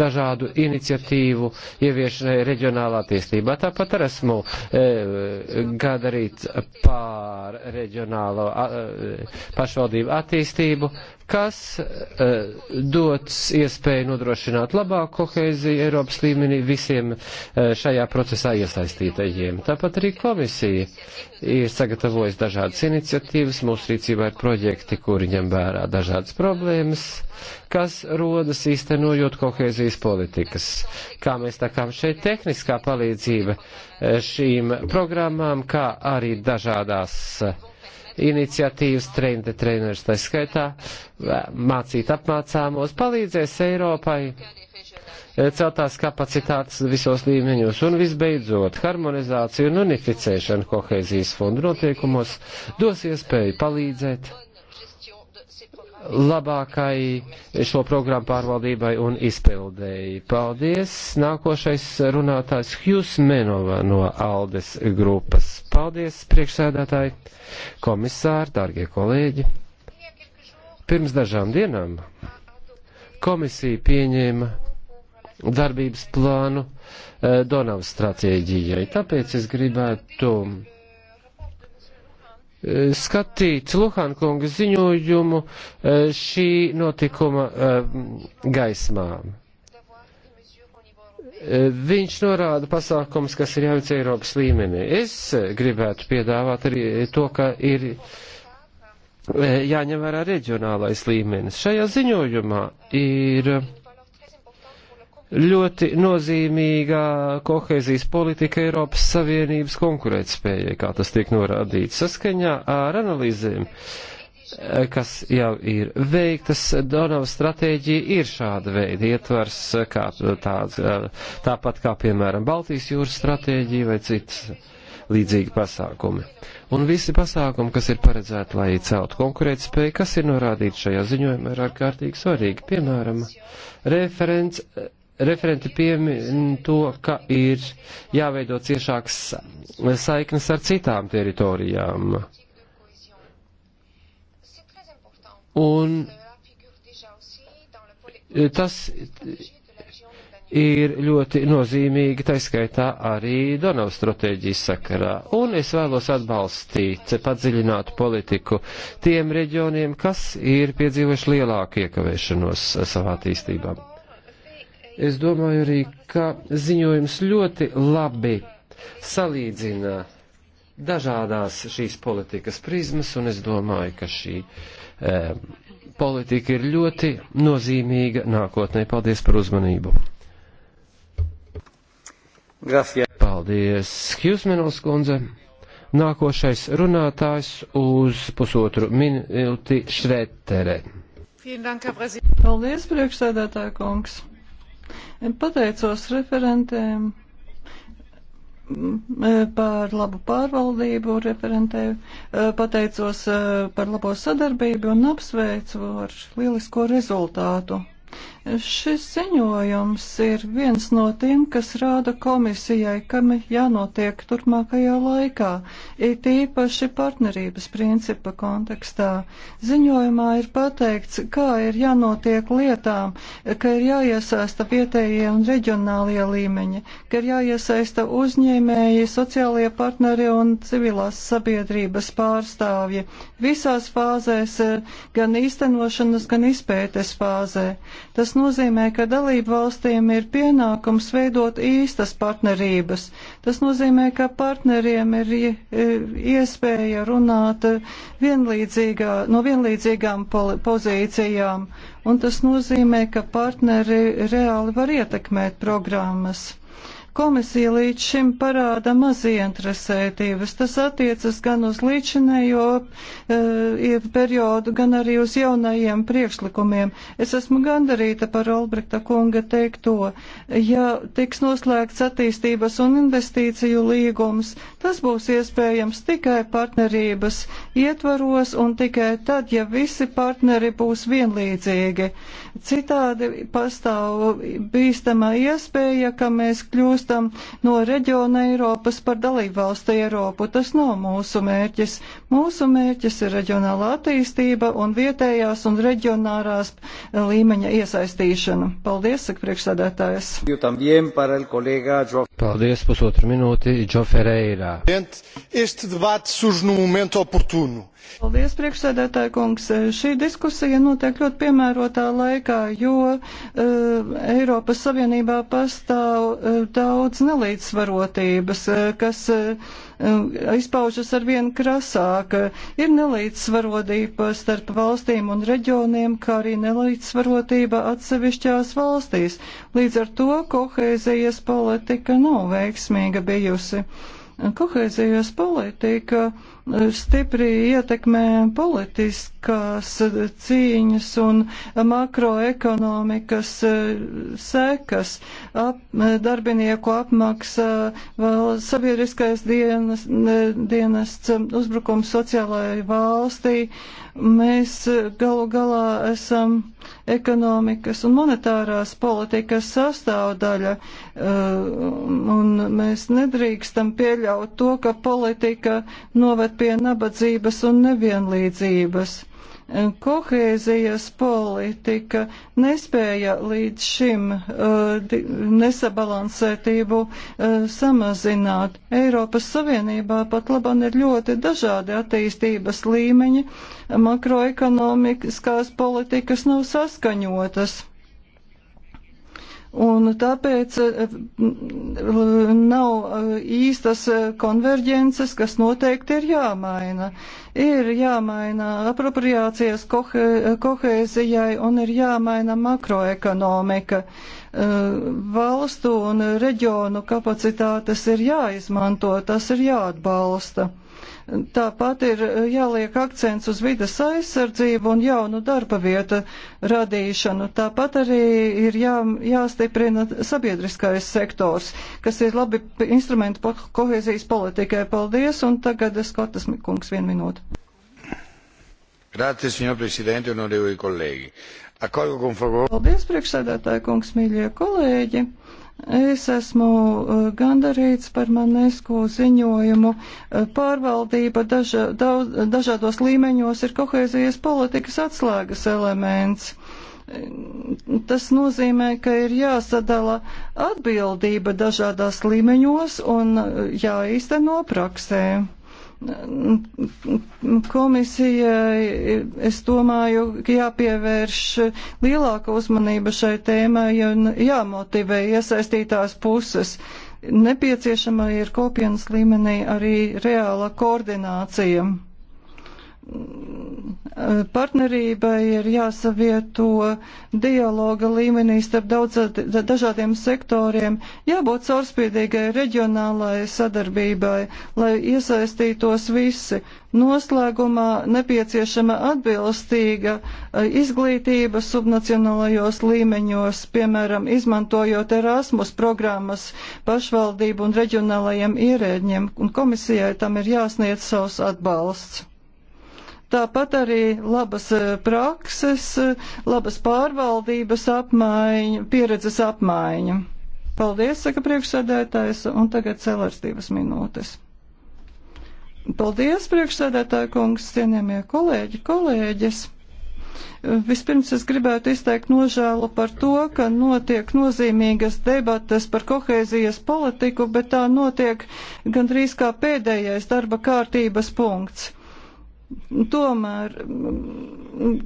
dažādu iniciatīvu ieviešanai reģionālā attīstībā. Tāpat arī esmu e, eh, gadarīt pār reģionālo a, eh, pašvaldību attīstību, kas eh, dots iespēju nodrošināt labāku kohēziju Eiropas līmenī visiem eh, šajā procesā iesaistītajiem. Tāpat arī komisija ir sagatavojusi dažādas iniciatīvas, mūsu rīcībā ir projekti, kuri ņem vērā dažādas problēmas, kas rodas īstenojot kohēzijas politikas. Kā mēs tā kā šeit tehniskā palīdzība eh, šīm programmām, kā arī dažādās uh, iniciatīvas, trendi treneris, tā skaitā, mācīt apmācāmos, palīdzēs Eiropai eh, celtās kapacitātes visos līmeņos un visbeidzot harmonizāciju un unificēšanu kohēzijas fondu noteikumos dos iespēju palīdzēt labākai šo programmu pārvaldībai un izpildēji. Paldies! Nākošais runātājs Hjus Menova no Aldes grupas. Paldies, priekšsēdētāji, komisāri, dārgie kolēģi! Pirms dažām dienām komisija pieņēma darbības plānu eh, Donavas stratēģijai, tāpēc es gribētu Eh, skatīt Luhankunga ziņojumu eh, šī notikuma eh, gaismā. Viņš norāda pasākums, kas ir jāveic Eiropas līmenī. Es gribētu piedāvāt arī to, ka ir jāņem vērā reģionālais līmenis. Šajā ziņojumā ir ļoti nozīmīga kohēzijas politika Eiropas Savienības konkurētspējai, kā tas tiek norādīts saskaņā ar analīzēm, kas jau ir veiktas. Donava stratēģija ir šāda veida ietvars, kā tāds, tāpat kā, piemēram, Baltijas jūras stratēģija vai citas līdzīgi pasākumi. Un visi pasākumi, kas ir paredzēti, lai celtu konkurētspēju, kas ir norādīti šajā ziņojumā, ir ārkārtīgi svarīgi. Piemēram, referents Referenti piemin to, ka ir jāveido ciešāks saiknes ar citām teritorijām. Un tas ir ļoti nozīmīgi, taiskaitā arī Donavas stratēģijas sakarā. Un es vēlos atbalstīt padziļinātu politiku tiem reģioniem, kas ir piedzīvojuši lielāku iekavēšanos savā attīstībā. Es domāju arī, ka ziņojums ļoti labi salīdzina dažādās šīs politikas prizmas, un es domāju, ka šī e, politika ir ļoti nozīmīga nākotnē. Paldies par uzmanību! Gracias. Paldies, Hjusmenovs kundze! Nākošais runātājs uz pusotru minūti Šretere. Paldies, priekšsēdētāja kungs! Pateicos referentēm par labu pārvaldību referentēju, pateicos par labo sadarbību un apsveicu ar lielisko rezultātu. Šis ziņojums ir viens no tiem, kas rāda komisijai, kam jānotiek turpmākajā laikā, it īpaši partnerības principa kontekstā. Ziņojumā ir pateikts, kā ir jānotiek lietām, ka ir jāiesaista vietējie un reģionālie līmeņi, ka ir jāiesaista uzņēmēji, sociālie partneri un civilās sabiedrības pārstāvji visās fāzēs, eh, gan īstenošanas, gan izpētes fāzē. Tas nozīmē, ka dalību valstīm ir pienākums veidot īstas partnerības. Tas nozīmē, ka partneriem ir iespēja runāt vienlīdzīgā, no vienlīdzīgām pozīcijām, un tas nozīmē, ka partneri reāli var ietekmēt programmas. Komisija līdz šim parāda mazientrasētības. Tas attiecas gan uz līdzinējo uh, periodu, gan arī uz jaunajiem priekšlikumiem. Es esmu gandarīta par Olbrekta kunga teikto. Ja tiks noslēgts attīstības un investīciju līgums, tas būs iespējams tikai partnerības ietvaros un tikai tad, ja visi partneri būs vienlīdzīgi. Citādi pastāv bīstama iespēja, ka mēs kļūsim kļūstam no reģiona Eiropas par dalībvalstu Eiropu. Tas nav mūsu mērķis. Mūsu mērķis ir reģionāla attīstība un vietējās un reģionārās eh, līmeņa iesaistīšana. Paldies, saka priekšsādātājs. Paldies, pusotru minūti, Džo Ferreira. Este debate surge num momento oportuno. Paldies, priekšsēdētāji kungs. Šī diskusija notiek ļoti piemērotā laikā, jo uh, Eiropas Savienībā pastāv uh, daudz nelīdzsvarotības, uh, kas uh, izpaužas ar vien krasāk. Ir nelīdzsvarotība starp valstīm un reģioniem, kā arī nelīdzsvarotība atsevišķās valstīs. Līdz ar to kohēzijas politika nav veiksmīga bijusi. Uh, Kohēzijas politika eh, stipri ietekmē politiskās eh, cīņas un makroekonomikas eh, sekas. Ap, darbinieku apmaksa, vēl sabiedriskais dienas, dienests, uzbrukums sociālajai valstī Mēs e, galu galā esam ekonomikas un monetārās politikas sastāvdaļa, e, un mēs nedrīkstam pieļaut to, ka politika noved pie nabadzības un nevienlīdzības Kohēzijas politika nespēja līdz šim uh, nesabalansētību uh, samazināt. Eiropas Savienībā pat labam ir ļoti dažādi attīstības līmeņi, makroekonomiskās politikas nav saskaņotas. Un tāpēc eh, eh, nav eh, īstas konverģences, kas noteikti ir jāmaina. Ir jāmaina apropriācijas kohēzijai un ir jāmaina makroekonomika. Valstu un reģionu kapacitātes ir jāizmanto, tas ir jāatbalsta. Tāpat ir eh, jāliek akcents uz vidas aizsardzību un jaunu darba vietu radīšanu. Tāpat arī ir jā, jāstiprina sabiedriskais sektors, kas ir labi instrumenti po kohēzijas politikai. Paldies, un tagad Skotas kungs vienu minūtu. Grazie, signor Presidente, onorevoli colleghi. Paldies, priekšsēdētāji kungs, mīļie kolēģi. Es esmu uh, gandarīts par Manesku ziņojumu. Uh, pārvaldība daža, daudz, dažādos līmeņos ir kohēzijas politikas atslēgas elements. Tas nozīmē, ka ir jāsadala atbildība dažādās līmeņos un uh, jāīsteno praksē. Komisijai, es domāju, ka jāpievērš lielāka uzmanība šai tēmai un jāmotivē iesaistītās puses. Nepieciešama ir kopienas līmenī arī reāla koordinācija partnerībai ir jāsavieto dialoga līmenī starp daudz dažādiem sektoriem, jābūt caurspīdīgai reģionālai sadarbībai, lai iesaistītos visi. Noslēgumā nepieciešama atbilstīga eh, izglītība subnacionālajos līmeņos, piemēram, izmantojot Erasmus programmas pašvaldību un reģionālajiem ierēģiem, un komisijai tam ir jāsniedz savs atbalsts. Tāpat arī labas eh, prakses, eh, labas pārvaldības apmaiņa, pieredzes apmaiņa. Paldies, saka priekšsēdētājs, un tagad celērs divas minūtes. Paldies, priekšsēdētāja kungs, cienījamie kolēģi, kolēģis. Vispirms es gribētu izteikt nožēlu par to, ka notiek nozīmīgas debates par kohēzijas politiku, bet tā notiek gandrīz kā pēdējais darba kārtības punkts tomēr mm,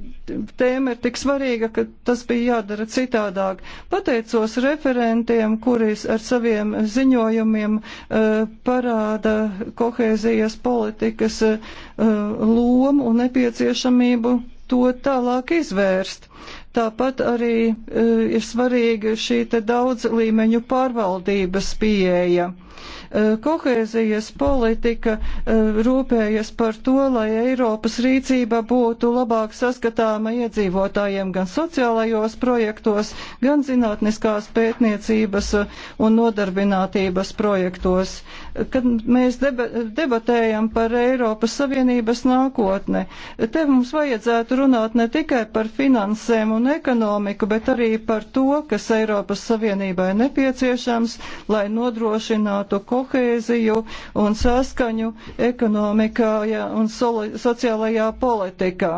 tēma ir tik svarīga, ka tas bija jādara citādāk. Pateicos referentiem, kuri ar saviem ziņojumiem eh, parāda kohēzijas politikas eh, lomu un nepieciešamību to tālāk izvērst. Tāpat arī eh, ir svarīga šī te daudz līmeņu pārvaldības pieeja Eh, kohēzijas politika eh, rūpējas par to, lai Eiropas rīcība būtu labāk saskatāma iedzīvotājiem gan sociālajos projektos, gan zinātniskās pētniecības eh, un nodarbinātības projektos. Kad mēs debatējam par Eiropas Savienības nākotni, te mums vajadzētu runāt ne tikai par finansēm un ekonomiku, bet arī par to, kas Eiropas Savienībai nepieciešams, lai nodrošinātu panāktu kohēziju un saskaņu ekonomikā un sociālajā politikā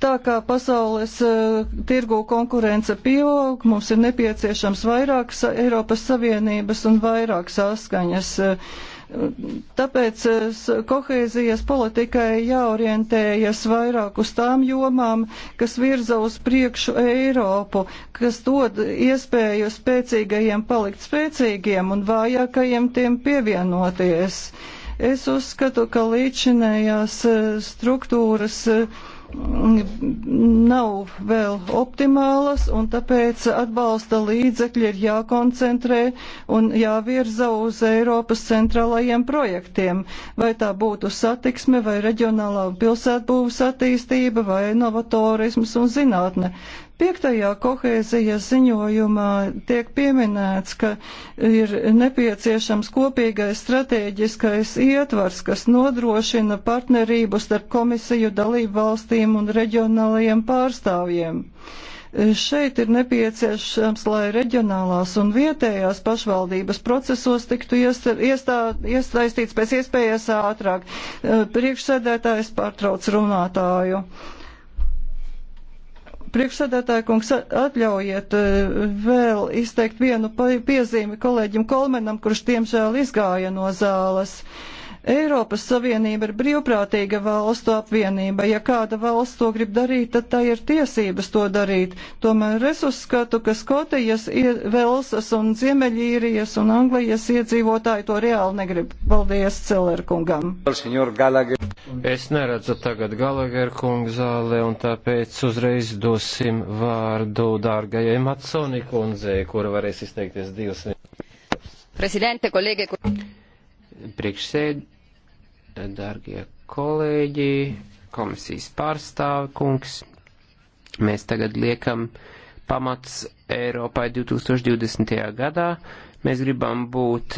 tā kā pasaules uh, tirgu konkurence pieaug, mums ir nepieciešams vairāk Eiropas Savienības un vairāk saskaņas. Uh, Tāpēc eh, kohēzijas politikai jāorientējas vairāk uz tām jomām, kas virza uz priekšu Eiropu, kas dod iespēju spēcīgajiem palikt spēcīgiem un vājākajiem tiem pievienoties. Es uzskatu, ka līdzinējās eh, struktūras uh, nav vēl optimālas, un tāpēc atbalsta līdzekļi ir jākoncentrē un jāvirza uz Eiropas centrālajiem projektiem, vai tā būtu satiksme, vai reģionālā pilsētbūvas attīstība, vai novatorisms un zinātne. Piektajā kohēzijas ziņojumā tiek pieminēts, ka ir nepieciešams kopīgais strateģiskais ietvars, kas nodrošina partnerību starp komisiju dalību valstīm un reģionālajiem pārstāvjiem. Šeit ir nepieciešams, lai reģionālās un vietējās pašvaldības procesos tiktu iestā, iestā, iesaistīts pēc iespējas ātrāk. Priekšsēdētājs pārtrauc runātāju. Priekšsēdētāja kungs, atļaujiet eh, vēl izteikt vienu piezīmi kolēģim Kolmenam, kurš tiemžēl izgāja no zāles. Uh, Eiropas Savienība ir brīvprātīga valstu apvienība. Ja kāda valsts to grib darīt, tad tā ir tiesības to darīt. Tomēr es uzskatu, ka Skotijas, Velsas un Ziemeļīrijas un Anglijas iedzīvotāji to reāli negrib. Paldies Celerkungam. Es neredzu tagad Galager kungu zālē un tāpēc uzreiz dosim vārdu dārgajai Matsoni kundzei, kura varēs izteikties divas. Presidente, kolēģi, kolēģi priekšsēd, dargie kolēģi, komisijas pārstāvi, kungs, mēs tagad liekam pamats Eiropai 2020. gadā. Mēs gribam būt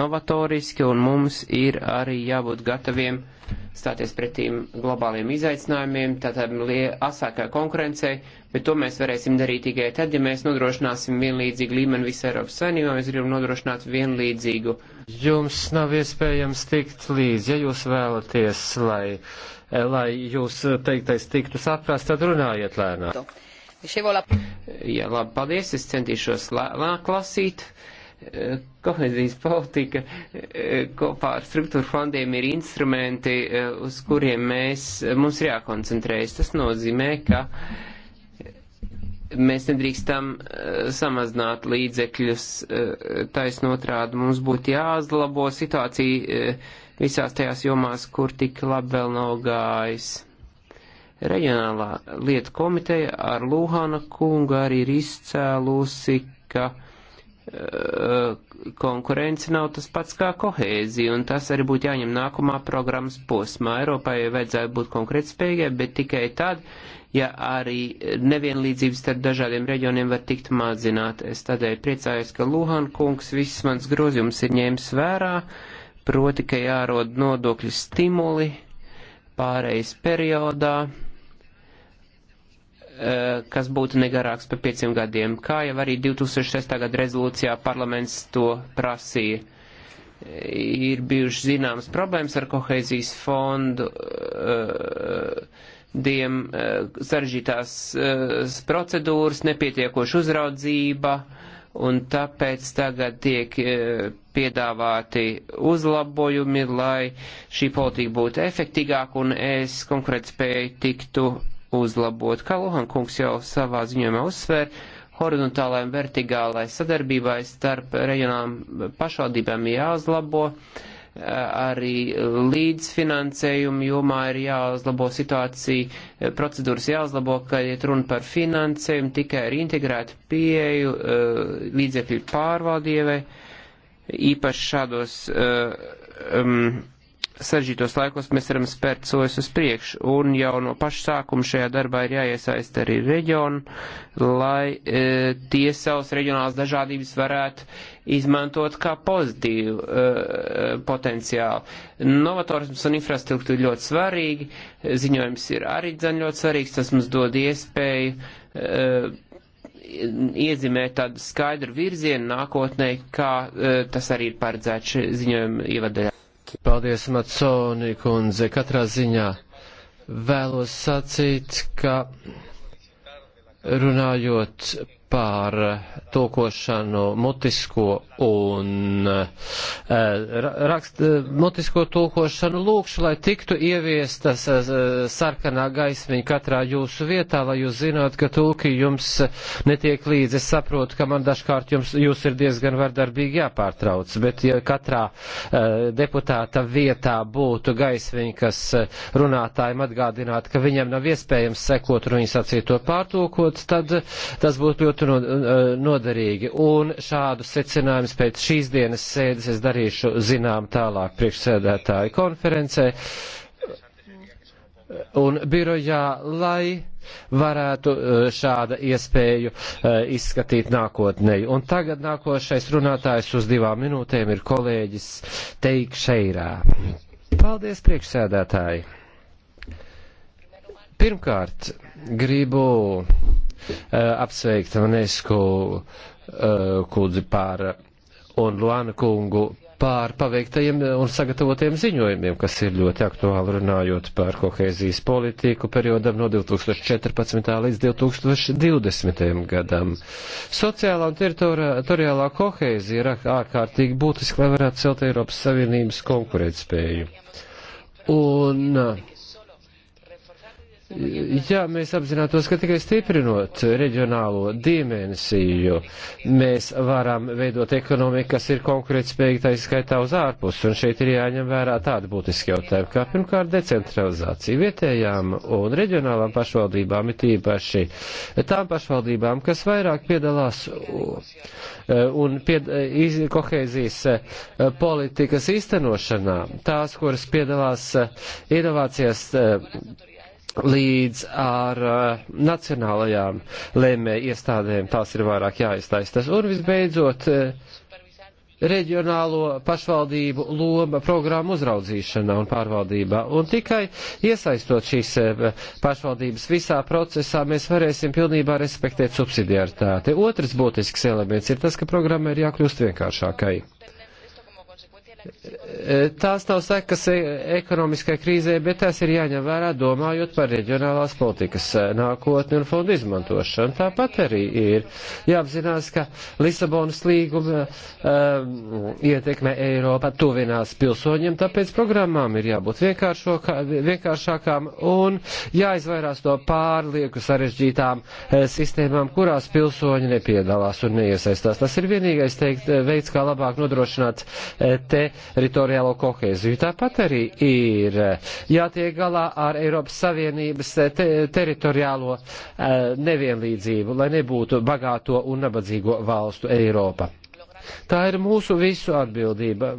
novatoriski un mums ir arī jābūt gataviem stāties pretīm globāliem izaicinājumiem, tātad asākai konkurencei, bet to mēs varēsim darīt tikai tad, ja mēs nodrošināsim vienlīdzīgu līmeni visā Eiropas saimnībā, mēs gribam nodrošināt vienlīdzīgu. Jums nav iespējams tikt līdzi, ja jūs vēlaties, lai, lai jūs teiktais tiktu saprast, tad runājiet lēnāk. Jā, labi, paldies, es centīšos lēnāk lasīt. Uh, Kohēzijas politika e, kopā ar struktūra fondiem ir instrumenti, e, uz kuriem mēs, mums ir jākoncentrējas. Tas nozīmē, ka mēs nedrīkstam e, samazināt līdzekļus taisnotrādi. Mums būtu jāuzlabo situācija visās tajās jomās, kur tik labi vēl nav gājis. Reģionālā lieta komiteja ar Lūhana kungu arī ir izcēlusi, ka uh, Eh, konkurence nav tas pats kā kohēzija, un tas arī būtu jāņem nākamā programmas posmā. Eiropai vajadzētu būt konkrētspējīgai, bet tikai tad, ja arī nevienlīdzības starp dažādiem reģioniem var tikt mazināt. Es tādēļ priecājos, ka Luhan kungs viss mans grozījums ir ņēmis vērā, proti, ka jārod nodokļu stimuli pārējais periodā Eh, kas būtu negarāks par pieciem gadiem, kā jau arī 2006. gada rezolūcijā parlaments to prasīja. Eh, ir bijušas zināmas problēmas ar kohēzijas fondu, eh, diem sarežģītās procedūras, nepietiekoša uzraudzība, un tāpēc tagad tiek piedāvāti uzlabojumi, lai šī politika būtu efektīgāka un es konkrēt spēju tiktu uzlabot. Kā Luhan kungs jau savā ziņojumā uzsver, horizontālai un vertikālai sadarbībai starp reģionām pašvaldībām jāuzlabo, eh, arī līdzfinansējumu jomā ir jāuzlabo situācija, eh, procedūras jāuzlabo, kad iet runa par finansējumu, tikai ar integrētu pieeju eh, līdzekļu pārvaldībai, īpaši šādos um, sarežģītos laikos mēs varam spērt sojas uz priekšu, un jau no paša sākuma šajā darbā ir jāiesaist arī reģionu, lai e, tie savas reģionālas dažādības varētu izmantot kā pozitīvu e, potenciālu. Novatorisms un infrastruktūra ļoti svarīgi, ziņojums ir arī dzan ļoti svarīgs, tas mums dod iespēju. E, iezīmē tādu skaidru virzienu nākotnē, kā e, tas arī ir paredzēts ziņojuma ievadaļā minūti. Paldies, Maconi kundze. Katrā ziņā vēlos sacīt, ka runājot par eh, tulkošanu mutisko un eh, rakst, eh, mutisko tulkošanu lūkšu, lai tiktu ieviestas sarkanā gaismiņa katrā jūsu vietā, lai jūs zināt, ka tulki jums netiek līdzi. Es saprotu, ka man dažkārt jums, jūs ir diezgan vardarbīgi jāpārtrauc, bet ja katrā deputāta vietā būtu gaismiņa, kas runātājiem atgādinātu, ka viņam nav iespējams sekot un viņa sacīto pārtulkot, tad tas būtu ļoti būtu uh, noderīgi. Un šādu secinājumus pēc šīs dienas sēdes es darīšu zinām tālāk priekšsēdētāju konferencē un birojā, lai varētu uh, šāda iespēju uh, izskatīt nākotnē. Un tagad nākošais runātājs uz divām minūtēm ir kolēģis Teikšeirā. Paldies, priekšsēdētāji! Pirmkārt, gribu Eh, apsveikt Vanesku eh, kundzi pār un Luana kungu pār paveiktajiem un sagatavotiem ziņojumiem, kas ir ļoti aktuāli runājot par kohēzijas politiku periodam no 2014. līdz 2020. gadam. Sociālā un teritoriālā kohēzija ir ārkārtīgi būtiska, lai varētu celt Eiropas Savienības konkurētspēju. Un uh, Jā, mēs apzinātos, ka tikai stiprinot reģionālo dimensiju, mēs varam veidot ekonomiku, kas ir konkurētspējīga, tā izskaitā uz ārpus. Un šeit ir jāņem vērā tādi būtiski jautājumi, kā pirmkārt decentralizācija vietējām un reģionālām pašvaldībām, ir tīpaši tām pašvaldībām, kas vairāk piedalās un pied, iz, kohēzijas politikas īstenošanā, tās, kuras piedalās inovācijās līdz ar uh, nacionālajām lēmē iestādēm, tās ir vairāk jāiztaistas. Un visbeidzot, uh, reģionālo pašvaldību loma programmu uzraudzīšanā un pārvaldībā. Un tikai iesaistot šīs uh, pašvaldības visā procesā, mēs varēsim pilnībā respektēt subsidiaritāti. Otrs būtisks elements ir tas, ka programma ir jākļūst vienkāršākai. Tās nav sekas e, ekonomiskai krīzē, bet tās ir jāņem vērā domājot par reģionālās politikas e, nākotni un fondu izmantošanu. Tāpat arī ir jāapzinās, ka Lisabonas līguma um, ietekme Eiropā tuvinās pilsoņiem, tāpēc programmām ir jābūt vienkāršākām un jāizvairās no pārlieku sarežģītām sistēmām, kurās pilsoņi nepiedalās un neiesaistās. Tas ir vienīgais teikt, veids, kā labāk nodrošināt te teritoriālo kohēziju. Tāpat arī ir jātiek galā ar Eiropas Savienības te teritoriālo eh, nevienlīdzību, lai nebūtu bagāto un nabadzīgo valstu Eiropa. Tā ir mūsu visu atbildība,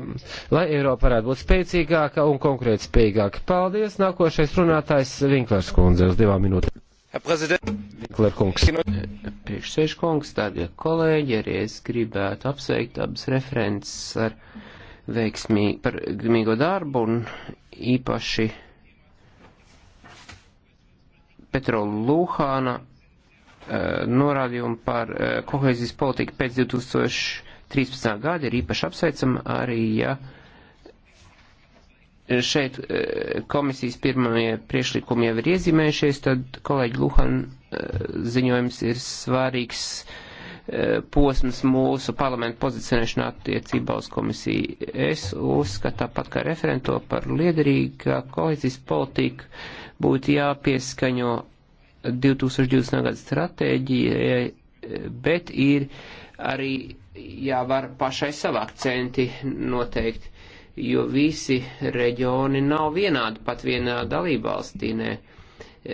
lai Eiropa varētu būt spēcīgāka un konkrēt spējīgāka. Paldies! Nākošais runātājs Vinklers kundze uz divām minūtēm. Vinklers Priekšsēžkungs, dārgie kolēģi, arī es gribētu apsveikt abas references ar veiksmīgu, par veiksmīgo darbu un īpaši Petro Lūhāna eh, norādījumi par eh, kohēzijas politiku pēc 2013. gada ir īpaši apsveicama arī, ja šeit eh, komisijas pirmie priešlikumi jau ir iezīmējušies, tad kolēģi Luhan ziņojums ir svarīgs posms mūsu parlamentu pozicionēšanā attiecībā uz komisiju. Es uzskatu tāpat kā referento par liederīgu, ka kohezijas politika būtu jāpieskaņo 2020. gada stratēģijai, bet ir arī jāvar pašai savākt centi noteikti, jo visi reģioni nav vienādi pat vienā dalībvalstīnē. E,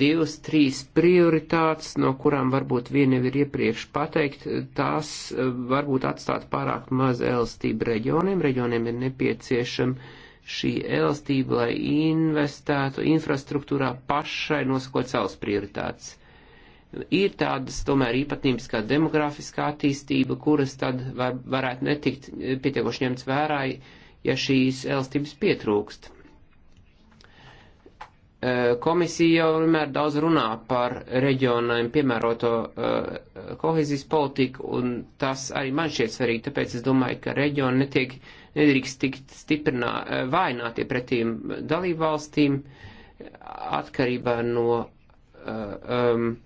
divas, trīs prioritātes, no kurām varbūt viena jau ir iepriekš pateikt, e, tās e, varbūt atstāt pārāk maz elastību reģioniem. Reģioniem ir nepieciešama šī elastība, lai investētu infrastruktūrā pašai nosakot savas prioritātes. Ir tādas tomēr īpatnības kā demografiskā attīstība, kuras tad var, varētu netikt pietiekoši ņemts vērā, ja šīs elastības pietrūkst Eh, komisija jau vienmēr daudz runā par reģioniem piemēroto eh, kohezijas politiku, un tas arī man šķiet svarīgi, tāpēc es domāju, ka reģioni netiek, nedrīkst tikt stiprinā, eh, vainātie pretīm dalību valstīm atkarībā no um,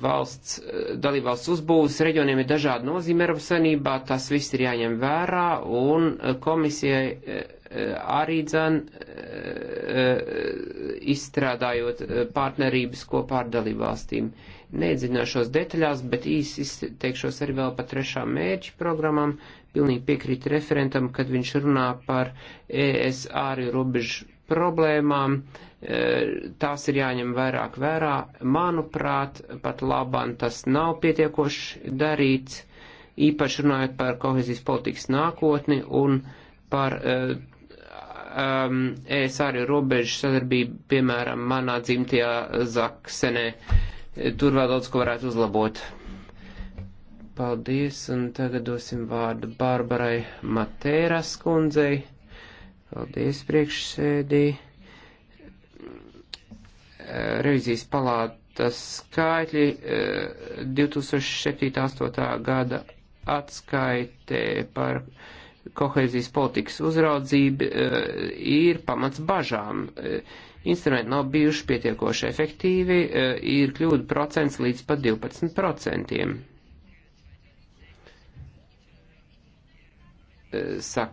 valsts, dalībvalsts uzbūves reģioniem ir dažāda nozīme Eiropas Savienībā, tas viss ir jāņem vērā, un komisijai arī dzan eh, eh, izstrādājot eh, partnerības kopā ar dalībvalstīm. Nedzināšos detaļās, bet īsi izteikšos arī vēl par trešām mērķu programmām. Pilnīgi piekrīt referentam, kad viņš runā par ES ārju robežu problēmām. Tās ir jāņem vairāk vērā. Manuprāt, pat labam tas nav pietiekoši darīts, īpaši runājot par kohezijas politikas nākotni un par uh, um, es arī robežu sadarbību, piemēram, manā dzimtajā Zaksenē. Tur vēl daudz ko varētu uzlabot. Paldies, un tagad dosim vārdu Bārbarai Matēras kundzei. Paldies, priekšsēdī. Revizijas palātas skaitļi 2007.8. Eh, gada atskaitē par kohēzijas politikas uzraudzība eh, ir pamats bažām. Eh, instrumenti nav bijuši pietiekoši efektīvi, eh, ir kļūda procents līdz pat 12 procentiem. Sak,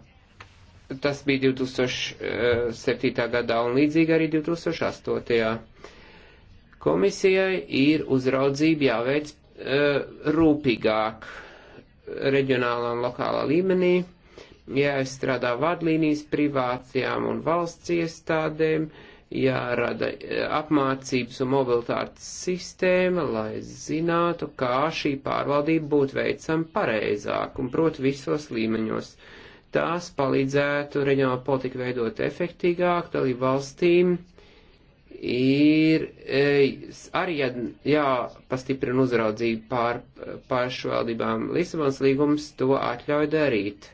tas bija 2007. gadā un līdzīgi arī 2008. Komisijai ir uzraudzība jāveic rūpīgāk reģionālā un lokālā līmenī jāizstrādā vadlīnijas privācijām un valsts iestādēm, jārada eh, apmācības un mobilitātes sistēma, lai zinātu, kā šī pārvaldība būtu veicama pareizāk un prot visos līmeņos. Tās palīdzētu reģionāla politika veidot efektīgāk, dalību valstīm ir eh, arī jāpastiprina uzraudzība pār pašvaldībām. Lisabons līgums to atļauj darīt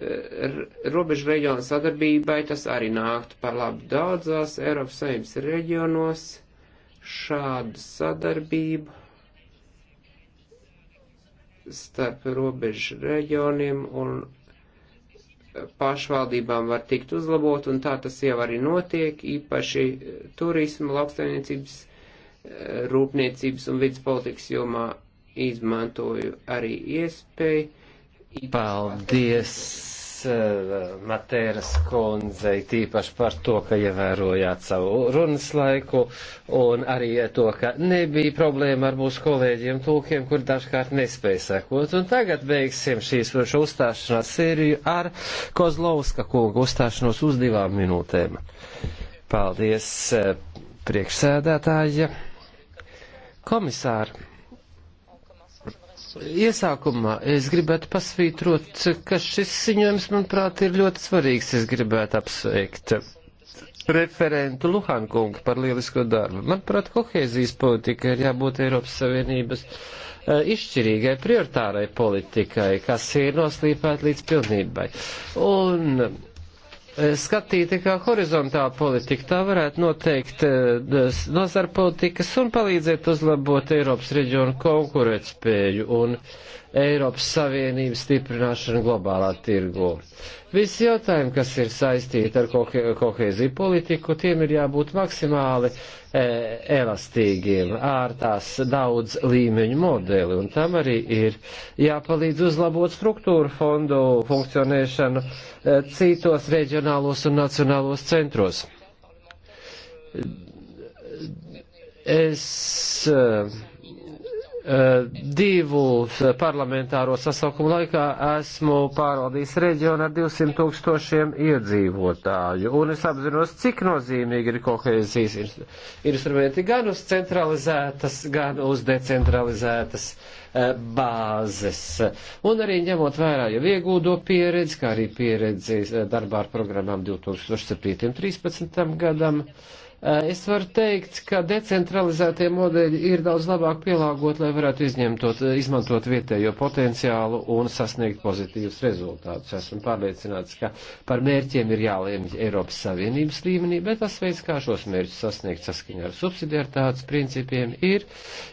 Eh, robežu reģionu sadarbībai tas arī nāktu par labu daudzās Eiropas saimnes reģionos. Šādu sadarbību starp robežu reģioniem un eh, pašvaldībām var tikt uzlabot, un tā tas jau arī notiek, īpaši eh, turismu, lauksaimniecības, rūpniecības un vidas politikas jomā izmantoju arī iespēju Paldies, eh, Matēras kundzei, tīpaši par to, ka ievērojāt savu runas laiku un arī to, ka nebija problēma ar mūsu kolēģiem tūkiem, kur dažkārt nespēja sekot. Un tagad beigsim šīs šo uzstāšanās sēriju ar Kozlovska kungu uzstāšanos uz divām minūtēm. Paldies, eh, priekšsēdētāja. Komisāri. Iesākumā es gribētu pasvītrot, ka šis ziņojums, manuprāt, ir ļoti svarīgs. Es gribētu apsveikt referentu Luhankungu par lielisko darbu. Manuprāt, kohēzijas politika ir jābūt Eiropas Savienības eh, izšķirīgai, prioritārai politikai, kas ir noslīpēta līdz pilnībai. Un Eh, skatīti kā horizontāla politika. Tā varētu noteikt eh, nozara politikas un palīdzēt uzlabot Eiropas reģionu konkurētspēju un Eiropas Savienības stiprināšanu globālā tirgu. Visi jautājumi, kas ir saistīti ar kohēziju politiku, tiem ir jābūt maksimāli e, elastīgiem, ārtās daudz līmeņu modeli, un tam arī ir jāpalīdz uzlabot struktūru fondu funkcionēšanu e, citos reģionālos un nacionālos centros. Es. E, Eh, divu eh, parlamentāro sasaukumu laikā esmu pārvaldījis reģionu ar 200 tūkstošiem iedzīvotāju, un es apzinos, cik nozīmīgi ir kohēzijas instrumenti gan uz centralizētas, gan uz decentralizētas eh, bāzes. Un arī ņemot vērā jau iegūdo pieredzi, kā arī pieredzi darbā ar programmām 2007.13. gadam. Eh, es varu teikt, ka decentralizētie modeļi ir daudz labāk pielāgot, lai varētu izņemtot, eh, izmantot vietējo potenciālu un sasniegt pozitīvus rezultātus. Esmu pārliecināts, ka par mērķiem ir jālēmj Eiropas Savienības līmenī, bet tas veids, kā šos mērķus sasniegt saskaņā ar subsidiaritātes principiem, ir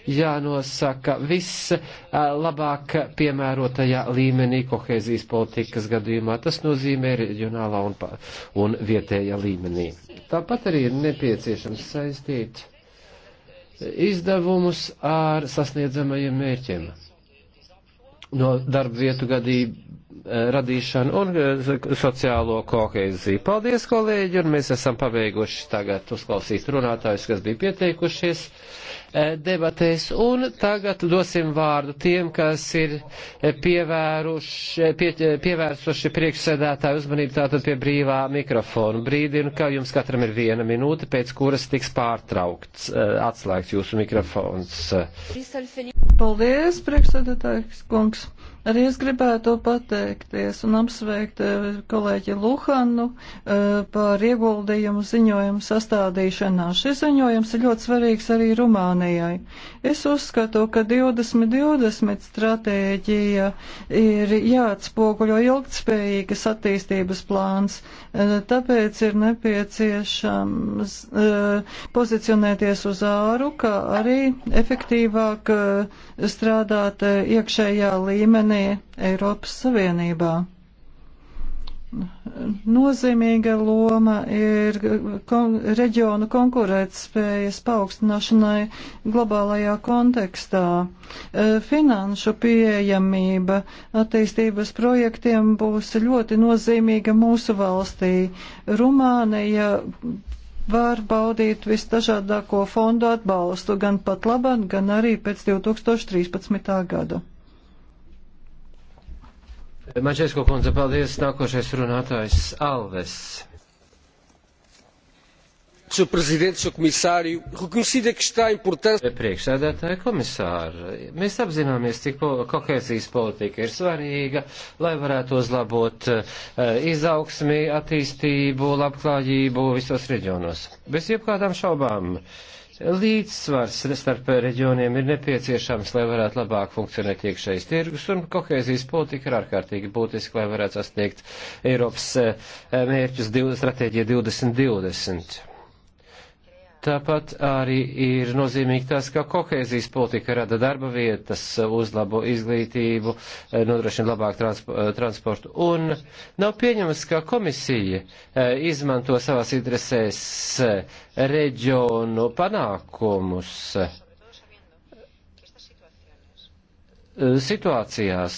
jānosaka viss eh, labāk piemērotajā līmenī kohēzijas politikas gadījumā. Tas nozīmē reģionālā un, un vietējā līmenī Tāpat arī ir nepieciešams saistīt izdevumus ar sasniedzamajiem mērķiem. No darba vietu gadību radīšanu un e, sociālo koheiziju. Paldies, kolēģi, un mēs esam pabeiguši tagad uzklausīt runātājus, kas bija pieteikušies e, debatēs, un tagad dosim vārdu tiem, kas ir e, pievēruši, pie, pievērsuši priekšsēdētāju uzmanību tātad pie brīvā mikrofonu. Brīdinu, ka jums katram ir viena minūte, pēc kuras tiks pārtraukts, atslēgts jūsu mikrofons. Paldies, priekšsēdētājs kungs. Arī es gribētu pateikties un apsveikt eh, kolēģi Luhanu eh, par ieguldījumu ziņojumu sastādīšanā. Šis ziņojums ir ļoti svarīgs arī Rumānijai. Es uzskatu, ka 2020 stratēģija ir jāatspoguļo ilgtspējīgas attīstības plāns, eh, tāpēc ir nepieciešams pozicionēties uz āru, kā arī efektīvāk strādāt iekšējā līmenī līmenī Eiropas Savienībā. Nozīmīga loma ir kon reģionu konkurētspējas paaugstināšanai globālajā kontekstā. E, finanšu pieejamība attīstības projektiem būs ļoti nozīmīga mūsu valstī. Rumānija var baudīt visdažādāko fondu atbalstu gan pat labam, gan arī pēc 2013. gada. Mačesko kundze, paldies. Nākošais runātājs Alves. Sr. Presidente, Sr. Komisāri, reconhecida que está a importância. Priekšsēdētāja komisāra, mēs apzināmies, cik po kohēzijas politika ir svarīga, lai varētu uzlabot uh, izaugsmi, attīstību, labklājību visos reģionos. Bez jebkādām šaubām. Uh, Līdzsvars starp reģioniem ir nepieciešams, lai varētu labāk funkcionēt iekšējais tirgus, un kohēzijas politika ir ārkārtīgi būtiska, lai varētu sasniegt Eiropas eh, mērķus stratēģija 2020. Tāpat arī ir nozīmīgi tas, ka kohēzijas politika rada darba vietas, uzlabo izglītību, nodrošina labāk transportu. Un nav pieņemams, ka komisija e, izmanto savās interesēs e, reģionu panākumus e, situācijās,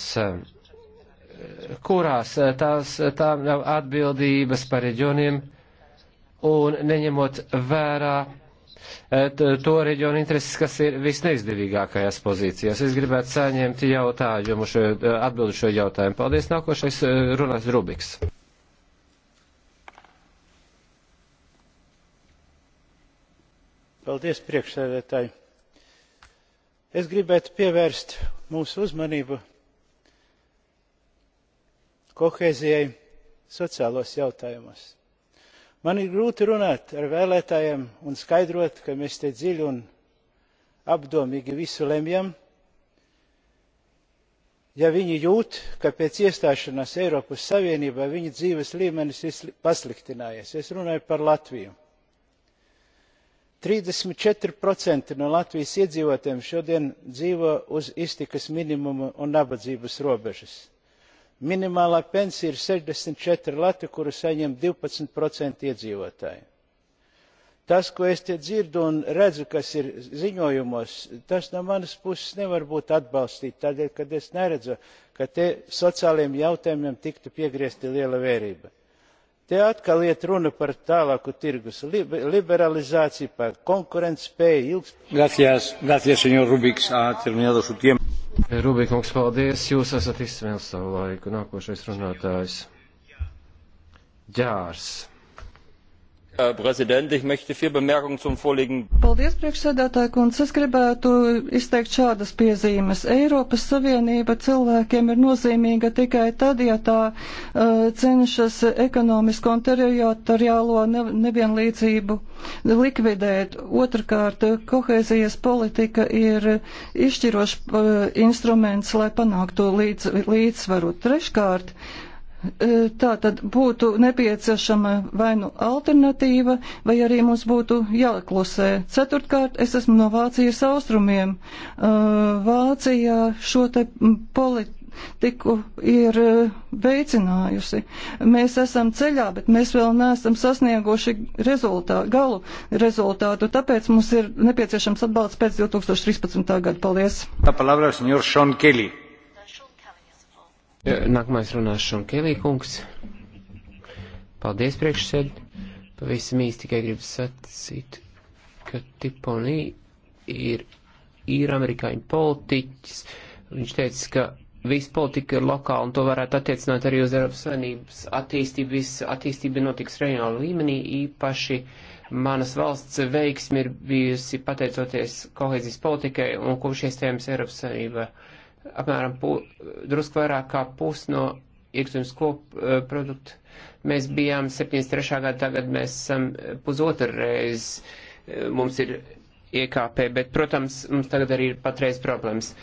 kurās tās, tām nav atbildības par reģioniem un neņemot vērā e, to reģionu intereses, kas ir visneizdevīgākajās pozīcijās. Es gribētu saņemt jautājumu, šo, e, atbildu šo jautājumu. Paldies, nākošais e, runās Rubiks. Paldies, priekšsēdētāji. Es gribētu pievērst mūsu uzmanību kohēzijai sociālos jautājumos Man ir grūti runāt ar vēlētājiem un skaidrot, ka mēs te dziļi un apdomīgi visu lemjam, ja viņi jūt, ka pēc iestāšanās Eiropas Savienībā viņu dzīves līmenis ir pasliktinājies. Es runāju par Latviju. 34% no Latvijas iedzīvotājiem šodien dzīvo uz iztikas minimuma un nabadzības robežas minimālā pensija ir sešdesmit četri lati kuru saņem divpadsmit iedzīvotāji. tas ko es te dzirdu un redzu kas ir ziņojumos tas no manas puses nevar būt atbalstīts tādēļ ka es neredzu ka te sociālajiem jautājumiem tiktu piegriezta liela vērība te atkal iet runa par tālāku tirgus liberalizāciju, par konkurētspēju, ilgspēju. Rubikungs, eh, paldies, jūs esat izsmēlis savu laiku. Nākošais runātājs. Ģārs. Herr Präsident, ich möchte vier Bemerkungen zum vorliegenden. Paldies, priekšsēdētāji kundze. Es gribētu izteikt šādas piezīmes. Eiropas Savienība cilvēkiem ir nozīmīga tikai tad, ja tā uh, cenšas ekonomisko un teritoriālo nevienlīdzību likvidēt. Otrakārt, kohēzijas politika ir izšķirošs uh, instruments, lai panāktu līdz, līdzsvaru. Treškārt, uh, E, tā tad būtu nepieciešama vai nu alternatīva, vai arī mums būtu jāklusē. Ceturtkārt, es esmu no Vācijas austrumiem. E, Vācijā šo te politiku ir e, veicinājusi. Mēs esam ceļā, bet mēs vēl neesam sasnieguši rezultātu, galu rezultātu, tāpēc mums ir nepieciešams atbalsts pēc 2013. gada. Paldies! Tā palavra, senjor Šon Kelly. Nākamais runās Šonkelī kungs. Paldies priekšsēd. Pavisam īsti tikai gribu sacīt, ka Tiponī ir īra amerikāņu politiķis. Viņš teica, ka visa politika ir lokāla un to varētu attiecināt arī uz Eiropas Savienības attīstību. Visa attīstība notiks reģionāla līmenī īpaši. Manas valsts veiksmi ir bijusi pateicoties kohēzijas politikai un kopš iestājums Eiropas Savienībā. Uh, apmēram pu, drusku vairāk kā pus no iekšzemes kopprodukta. Eh, mēs bijām 73. gadā, tagad mēs esam pusotru reizi, eh, mums ir IKP, e bet, protams, mums tagad arī ir patreiz problēmas.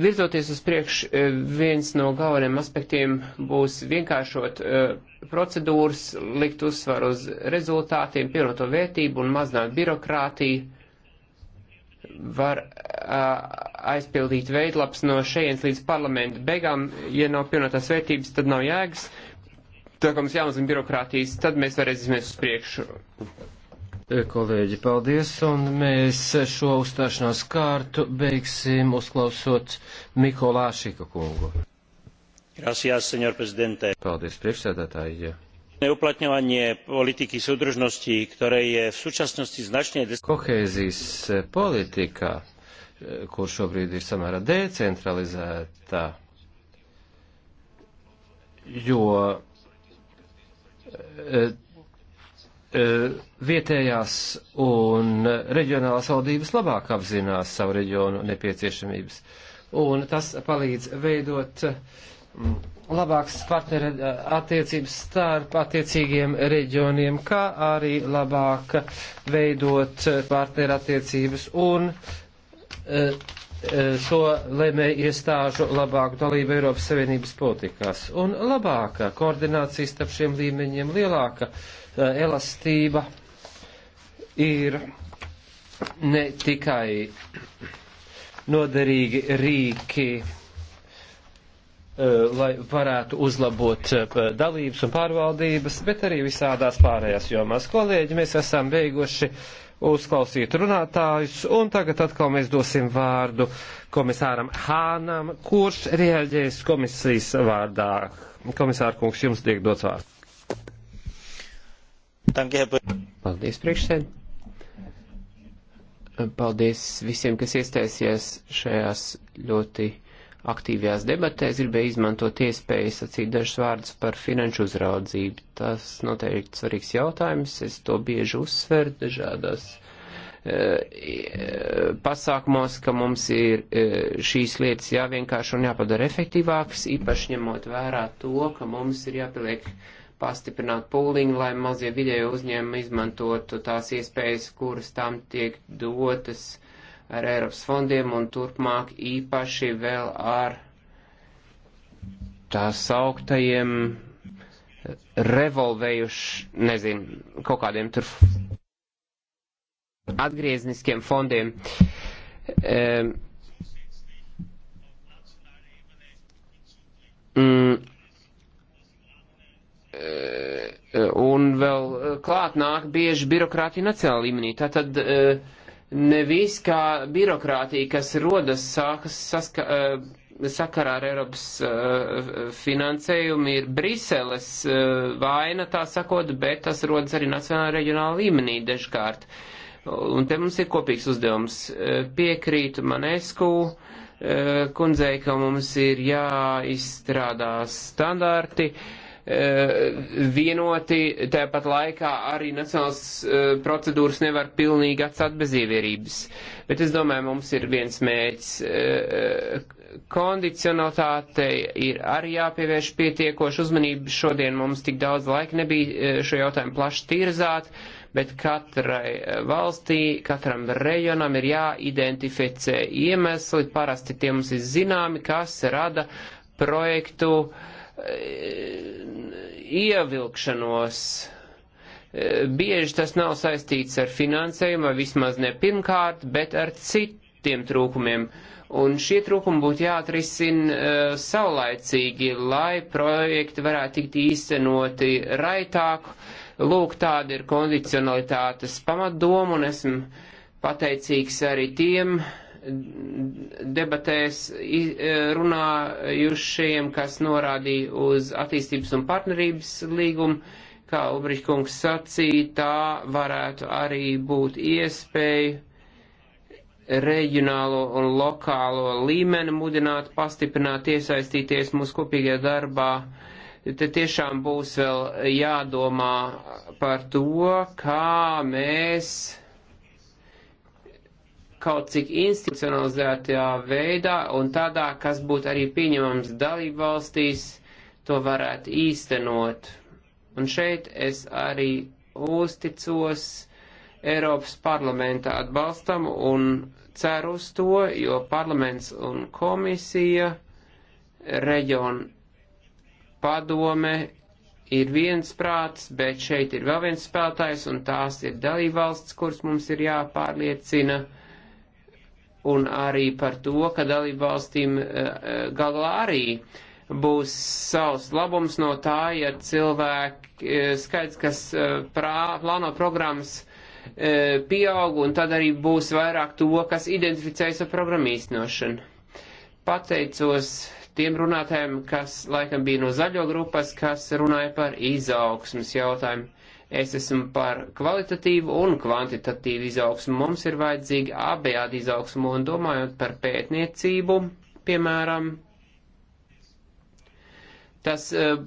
Virzoties uz priekšu, eh, viens no galveniem aspektiem būs vienkāršot procedūras, likt uzsvaru uz rezultātiem, pievienoto vērtību un mazināt birokrātiju var aizpildīt veidlaps no šejienes līdz parlamenta beigām. Ja nav pilnotās vērtības, tad nav jēgas. Tā kā mums jāmazina birokrātijas, tad mēs varēsim uz priekšu. Kolēģi, paldies, un mēs šo uzstāšanās kārtu beigsim uzklausot Mikolāšika kungu. Gracias, senor prezidente. Paldies, priekšsēdētāji uplatňovanie politiky súdržnosti, ktorej je v súčasnosti značne... Kohēzijas eh, politika, eh, kur šobrīd ir samērā decentralizēta, jo eh, vietējās un reģionālās valdības labāk apzinās savu reģionu nepieciešamības. Un tas palīdz veidot mm, labāks partneru eh, attiecības starp attiecīgiem reģioniem, kā arī labāk veidot eh, partneru attiecības un šo eh, lēmēju iestāžu labāku dalību Eiropas Savienības politikās un labāka koordinācija starp šiem līmeņiem, lielāka elastība ir ne tikai noderīgi rīki Eh, lai varētu uzlabot eh, dalības un pārvaldības, bet arī visādās pārējās jomās. Kolēģi, mēs esam beiguši uzklausīt runātājus, un tagad atkal mēs dosim vārdu komisāram Hānam, kurš reaģēs komisijas vārdā. Komisāra kungs, jums tiek dots vārds. Paldies, priekšsēd. Paldies visiem, kas iestaisies šajās ļoti aktīvajās debatēs, gribēju izmantot iespēju sacīt dažus vārdus par finanšu uzraudzību. Tas noteikti svarīgs jautājums, es to bieži uzsveru dažādās e, e pasākumos, ka mums ir e, šīs lietas jāvienkārši un jāpadara efektīvākas, īpaši ņemot vērā to, ka mums ir jāpieliek pastiprināt pūliņu, lai mazie vidēji uzņēmumi izmantotu tās iespējas, kuras tam tiek dotas ar Eiropas fondiem un turpmāk īpaši vēl ar tā sauktajiem revolvējuši, nezinu, kaut kādiem tur atgriezniskiem fondiem. Um, un vēl klāt nāk bieži birokrātija nacionāla līmenī. Tātad uh, nevis kā birokrātija, kas rodas sākas saska, eh, sakarā ar Eiropas eh, finansējumu, ir Briseles eh, vaina, tā sakot, bet tas rodas arī nacionāla reģionāla līmenī dažkārt. Un te mums ir kopīgs uzdevums. Piekrītu Manesku kundzei, ka mums ir jāizstrādā standarti. Uh, Eh, vienoti, tāpat laikā arī nacionālas eh, procedūras nevar pilnīgi atstāt bez ievērības. Bet es domāju, mums ir viens mēģis. Eh, kondicionalitāte ir arī jāpievērš pietiekoši uzmanību. Šodien mums tik daudz laika nebija šo jautājumu plaši tirzāt, bet katrai valstī, katram rejonam ir jāidentificē iemesli, parasti tie mums ir zināmi, kas rada projektu uh, ievilkšanos. Bieži tas nav saistīts ar finansējumu, vai vismaz ne pirmkārt, bet ar citiem trūkumiem. Un šie trūkumi būtu jāatrisina uh, saulaicīgi, lai projekti varētu tikt īstenoti raitāk. Lūk, tāda ir kondicionalitātes pamatdoma, un esmu pateicīgs arī tiem, uh, debatēs e, runājušajiem, kas norādīja uz attīstības un partnerības līgumu. Kā Ulbrichkungs sacīja, tā varētu arī būt iespēja reģionālo un lokālo līmeni mudināt, pastiprināt, iesaistīties mūsu kopīgajā darbā. Te tiešām būs vēl jādomā par to, kā mēs kaut cik institucionalizētajā veidā un tādā, kas būtu arī pieņemams dalību valstīs, to varētu īstenot. Un šeit es arī uzticos Eiropas parlamenta atbalstam un ceru uz to, jo parlaments un komisija, reģiona padome ir viens prāts, bet šeit ir vēl viens spēlētājs, un tās ir dalībvalsts, kuras mums ir jāpārliecina. Uh, un arī par to, ka dalībvalstīm eh, eh, galā arī būs savs labums no tā, ja cilvēki eh, skaits, kas prā, plāno programmas, pieaug, un tad arī būs vairāk to, kas identificējas ar programmu īstenošanu. Pateicos tiem runātājiem, kas laikam bija no zaļo grupas, kas runāja par izaugsmas jautājumu. Es esmu par kvalitatīvu un kvantitatīvu izaugsmu. Mums ir vajadzīga abejāda izaugsmu un domājot par pētniecību, piemēram, tas uh,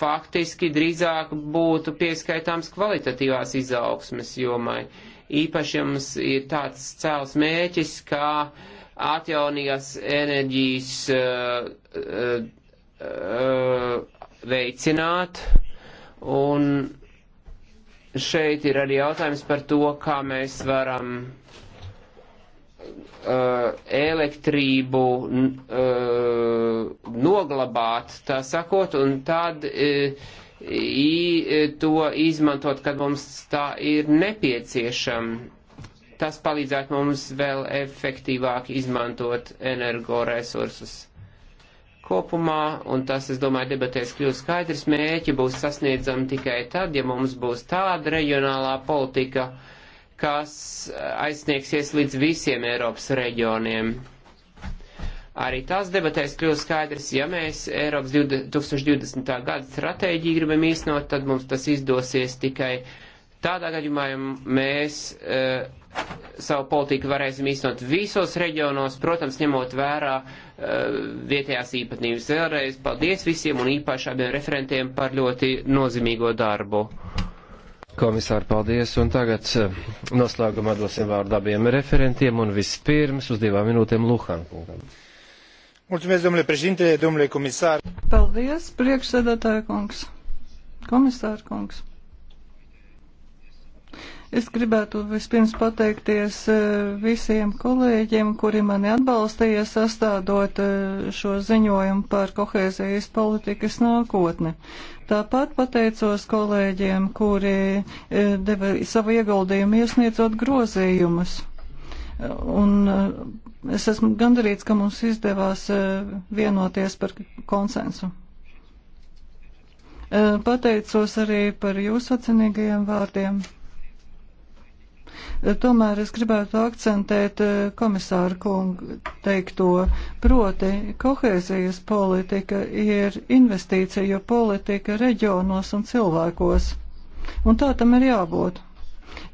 faktiski drīzāk būtu pieskaitāms kvalitatīvās izaugsmes jomai. Īpaši mums ir tāds cēls mēķis, kā atjaunīgās enerģijas uh, uh, veicināt un Šeit ir arī jautājums par to, kā mēs varam uh, elektrību uh, noglabāt, tā sakot, un tad uh, i, to izmantot, kad mums tā ir nepieciešama. Tas palīdzētu mums vēl efektīvāk izmantot energoresursus kopumā, un tas, es domāju, debatēs kļūs skaidrs, mēķi būs sasniedzami tikai tad, ja mums būs tāda reģionālā politika, kas aizsniegsies līdz visiem Eiropas reģioniem. Arī tās debatēs kļūs skaidrs, ja mēs Eiropas 2020. gada stratēģiju gribam īstenot, tad mums tas izdosies tikai tādā gadījumā, ja mēs uh, savu politiku varēsim īstenot visos reģionos, protams, ņemot vērā uh, vietējās īpatnības. Vēlreiz paldies visiem un īpaši abiem referentiem par ļoti nozīmīgo darbu. Komisāri, paldies, un tagad eh, noslēgumā dosim vārdu abiem referentiem, un vispirms uz divām minūtēm Luhan kungam. Mulțumesc, domnule președinte, domnule comisar. Paldies, priekšsēdētāja kungs, komisāra kungs. Es gribētu vispirms pateikties e, visiem kolēģiem, kuri mani atbalstīja sastādot e, šo ziņojumu par kohēzijas politikas nākotni. Tāpat pateicos kolēģiem, kuri e, deva savu ieguldījumu iesniedzot grozījumus. Un es esmu gandarīts, ka mums izdevās vienoties par konsensu. Pateicos arī par jūsu atcinīgajiem vārdiem. Tomēr es gribētu akcentēt eh, komisāru kungu teikto, proti kohēzijas politika ir investīcija politika reģionos un cilvēkos. Un tā tam ir jābūt.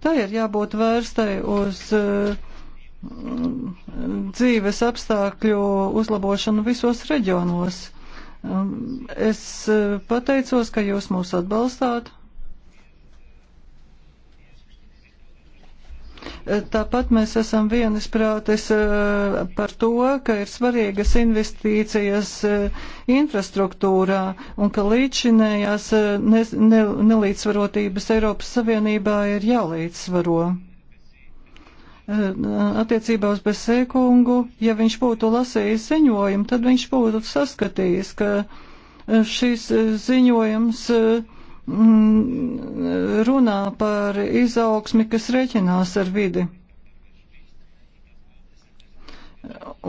Tā ir jābūt vērstai uz uh, dzīves apstākļu uzlabošanu visos reģionos. Um, es eh, pateicos, ka jūs mūs atbalstāt. Tāpat mēs esam vienisprātis eh, par to, ka ir svarīgas investīcijas eh, infrastruktūrā un ka līdzinējās eh, ne, ne, nelīdzsvarotības Eiropas Savienībā ir jālīdzsvaro attiecībā uz Besēkungu, ja viņš būtu lasījis ziņojumu, tad viņš būtu saskatījis, ka šis ziņojums uh, Mm, runā par izaugsmi, kas rēķinās ar vidi.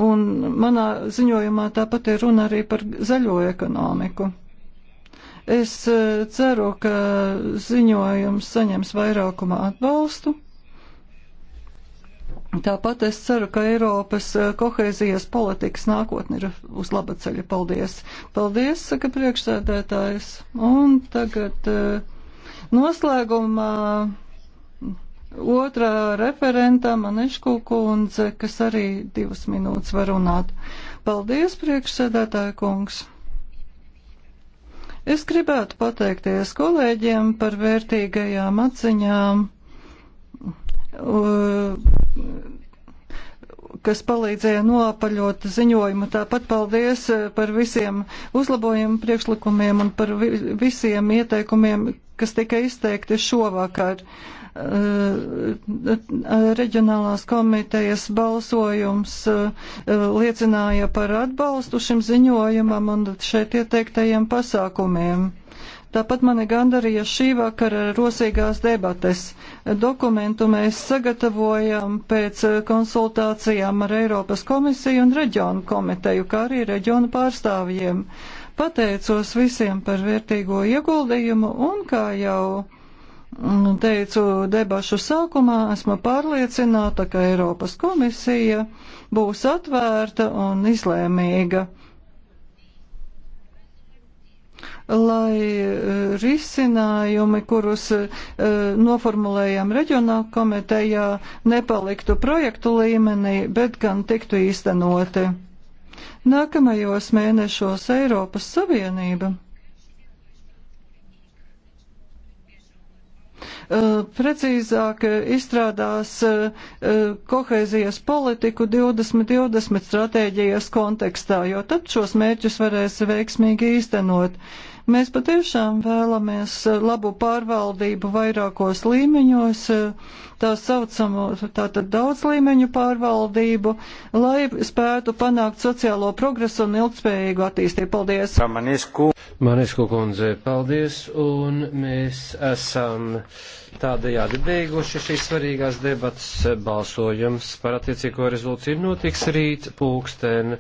Un manā ziņojumā tāpat ir runa arī par zaļo ekonomiku. Es eh, ceru, ka ziņojums saņems vairākuma atbalstu. Tāpat es ceru, ka Eiropas eh, kohēzijas politikas nākotne ir uz laba ceļa. Paldies! Paldies, saka priekšsēdētājs. Un tagad eh, noslēgumā otrā referentā Manešku kundze, kas arī divas minūtes var runāt. Paldies, priekšsēdētāja kungs! Es gribētu pateikties kolēģiem par vērtīgajām atziņām kas palīdzēja noapaļot ziņojumu. Tāpat paldies e, par visiem uzlabojumu priekšlikumiem un par vi visiem ieteikumiem, kas tika izteikti šovakar. E, reģionālās komitejas balsojums e, liecināja par atbalstu šim ziņojumam un šeit ieteiktajiem pasākumiem. Tāpat mani gandarīja šī vakara rosīgās debates. Dokumentu mēs sagatavojam pēc konsultācijām ar Eiropas komisiju un reģionu komiteju, kā arī reģionu pārstāvjiem. Pateicos visiem par vērtīgo ieguldījumu un, kā jau teicu debašu sākumā, esmu pārliecināta, ka Eiropas komisija būs atvērta un izlēmīga lai eh, risinājumi, kurus eh, noformulējām reģionāla komitejā, nepaliktu projektu līmenī, bet gan tiktu īstenoti. Nākamajos mēnešos Eiropas Savienība eh, precīzāk izstrādās kohēzijas politiku 2020 stratēģijas kontekstā, jo tad šos mērķus varēs veiksmīgi īstenot. Mēs patiešām vēlamies eh, labu pārvaldību vairākos līmeņos, eh, tā saucamo tātad daudz līmeņu pārvaldību, lai spētu panākt sociālo progresu un ilgspējīgu attīstību. Paldies! Manisku. Manisku kundze, paldies! Un mēs esam tādējādi beiguši šīs svarīgās debatas. Balsojums par attiecīgo rezolūciju notiks rīt pulksten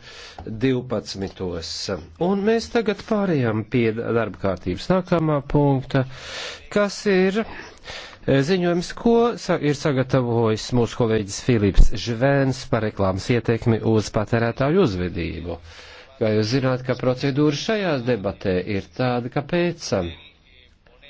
12. Un mēs tagad pārējām pie darba kārtības nākamā punkta, kas ir Eh, ziņojums, ko ir sagatavojis mūsu kolēģis Filips Žvēns par reklāmas ietekmi uz patērētāju uzvedību. Kā jūs zināt, ka procedūra šajās debatē ir tāda, ka pēc tam um,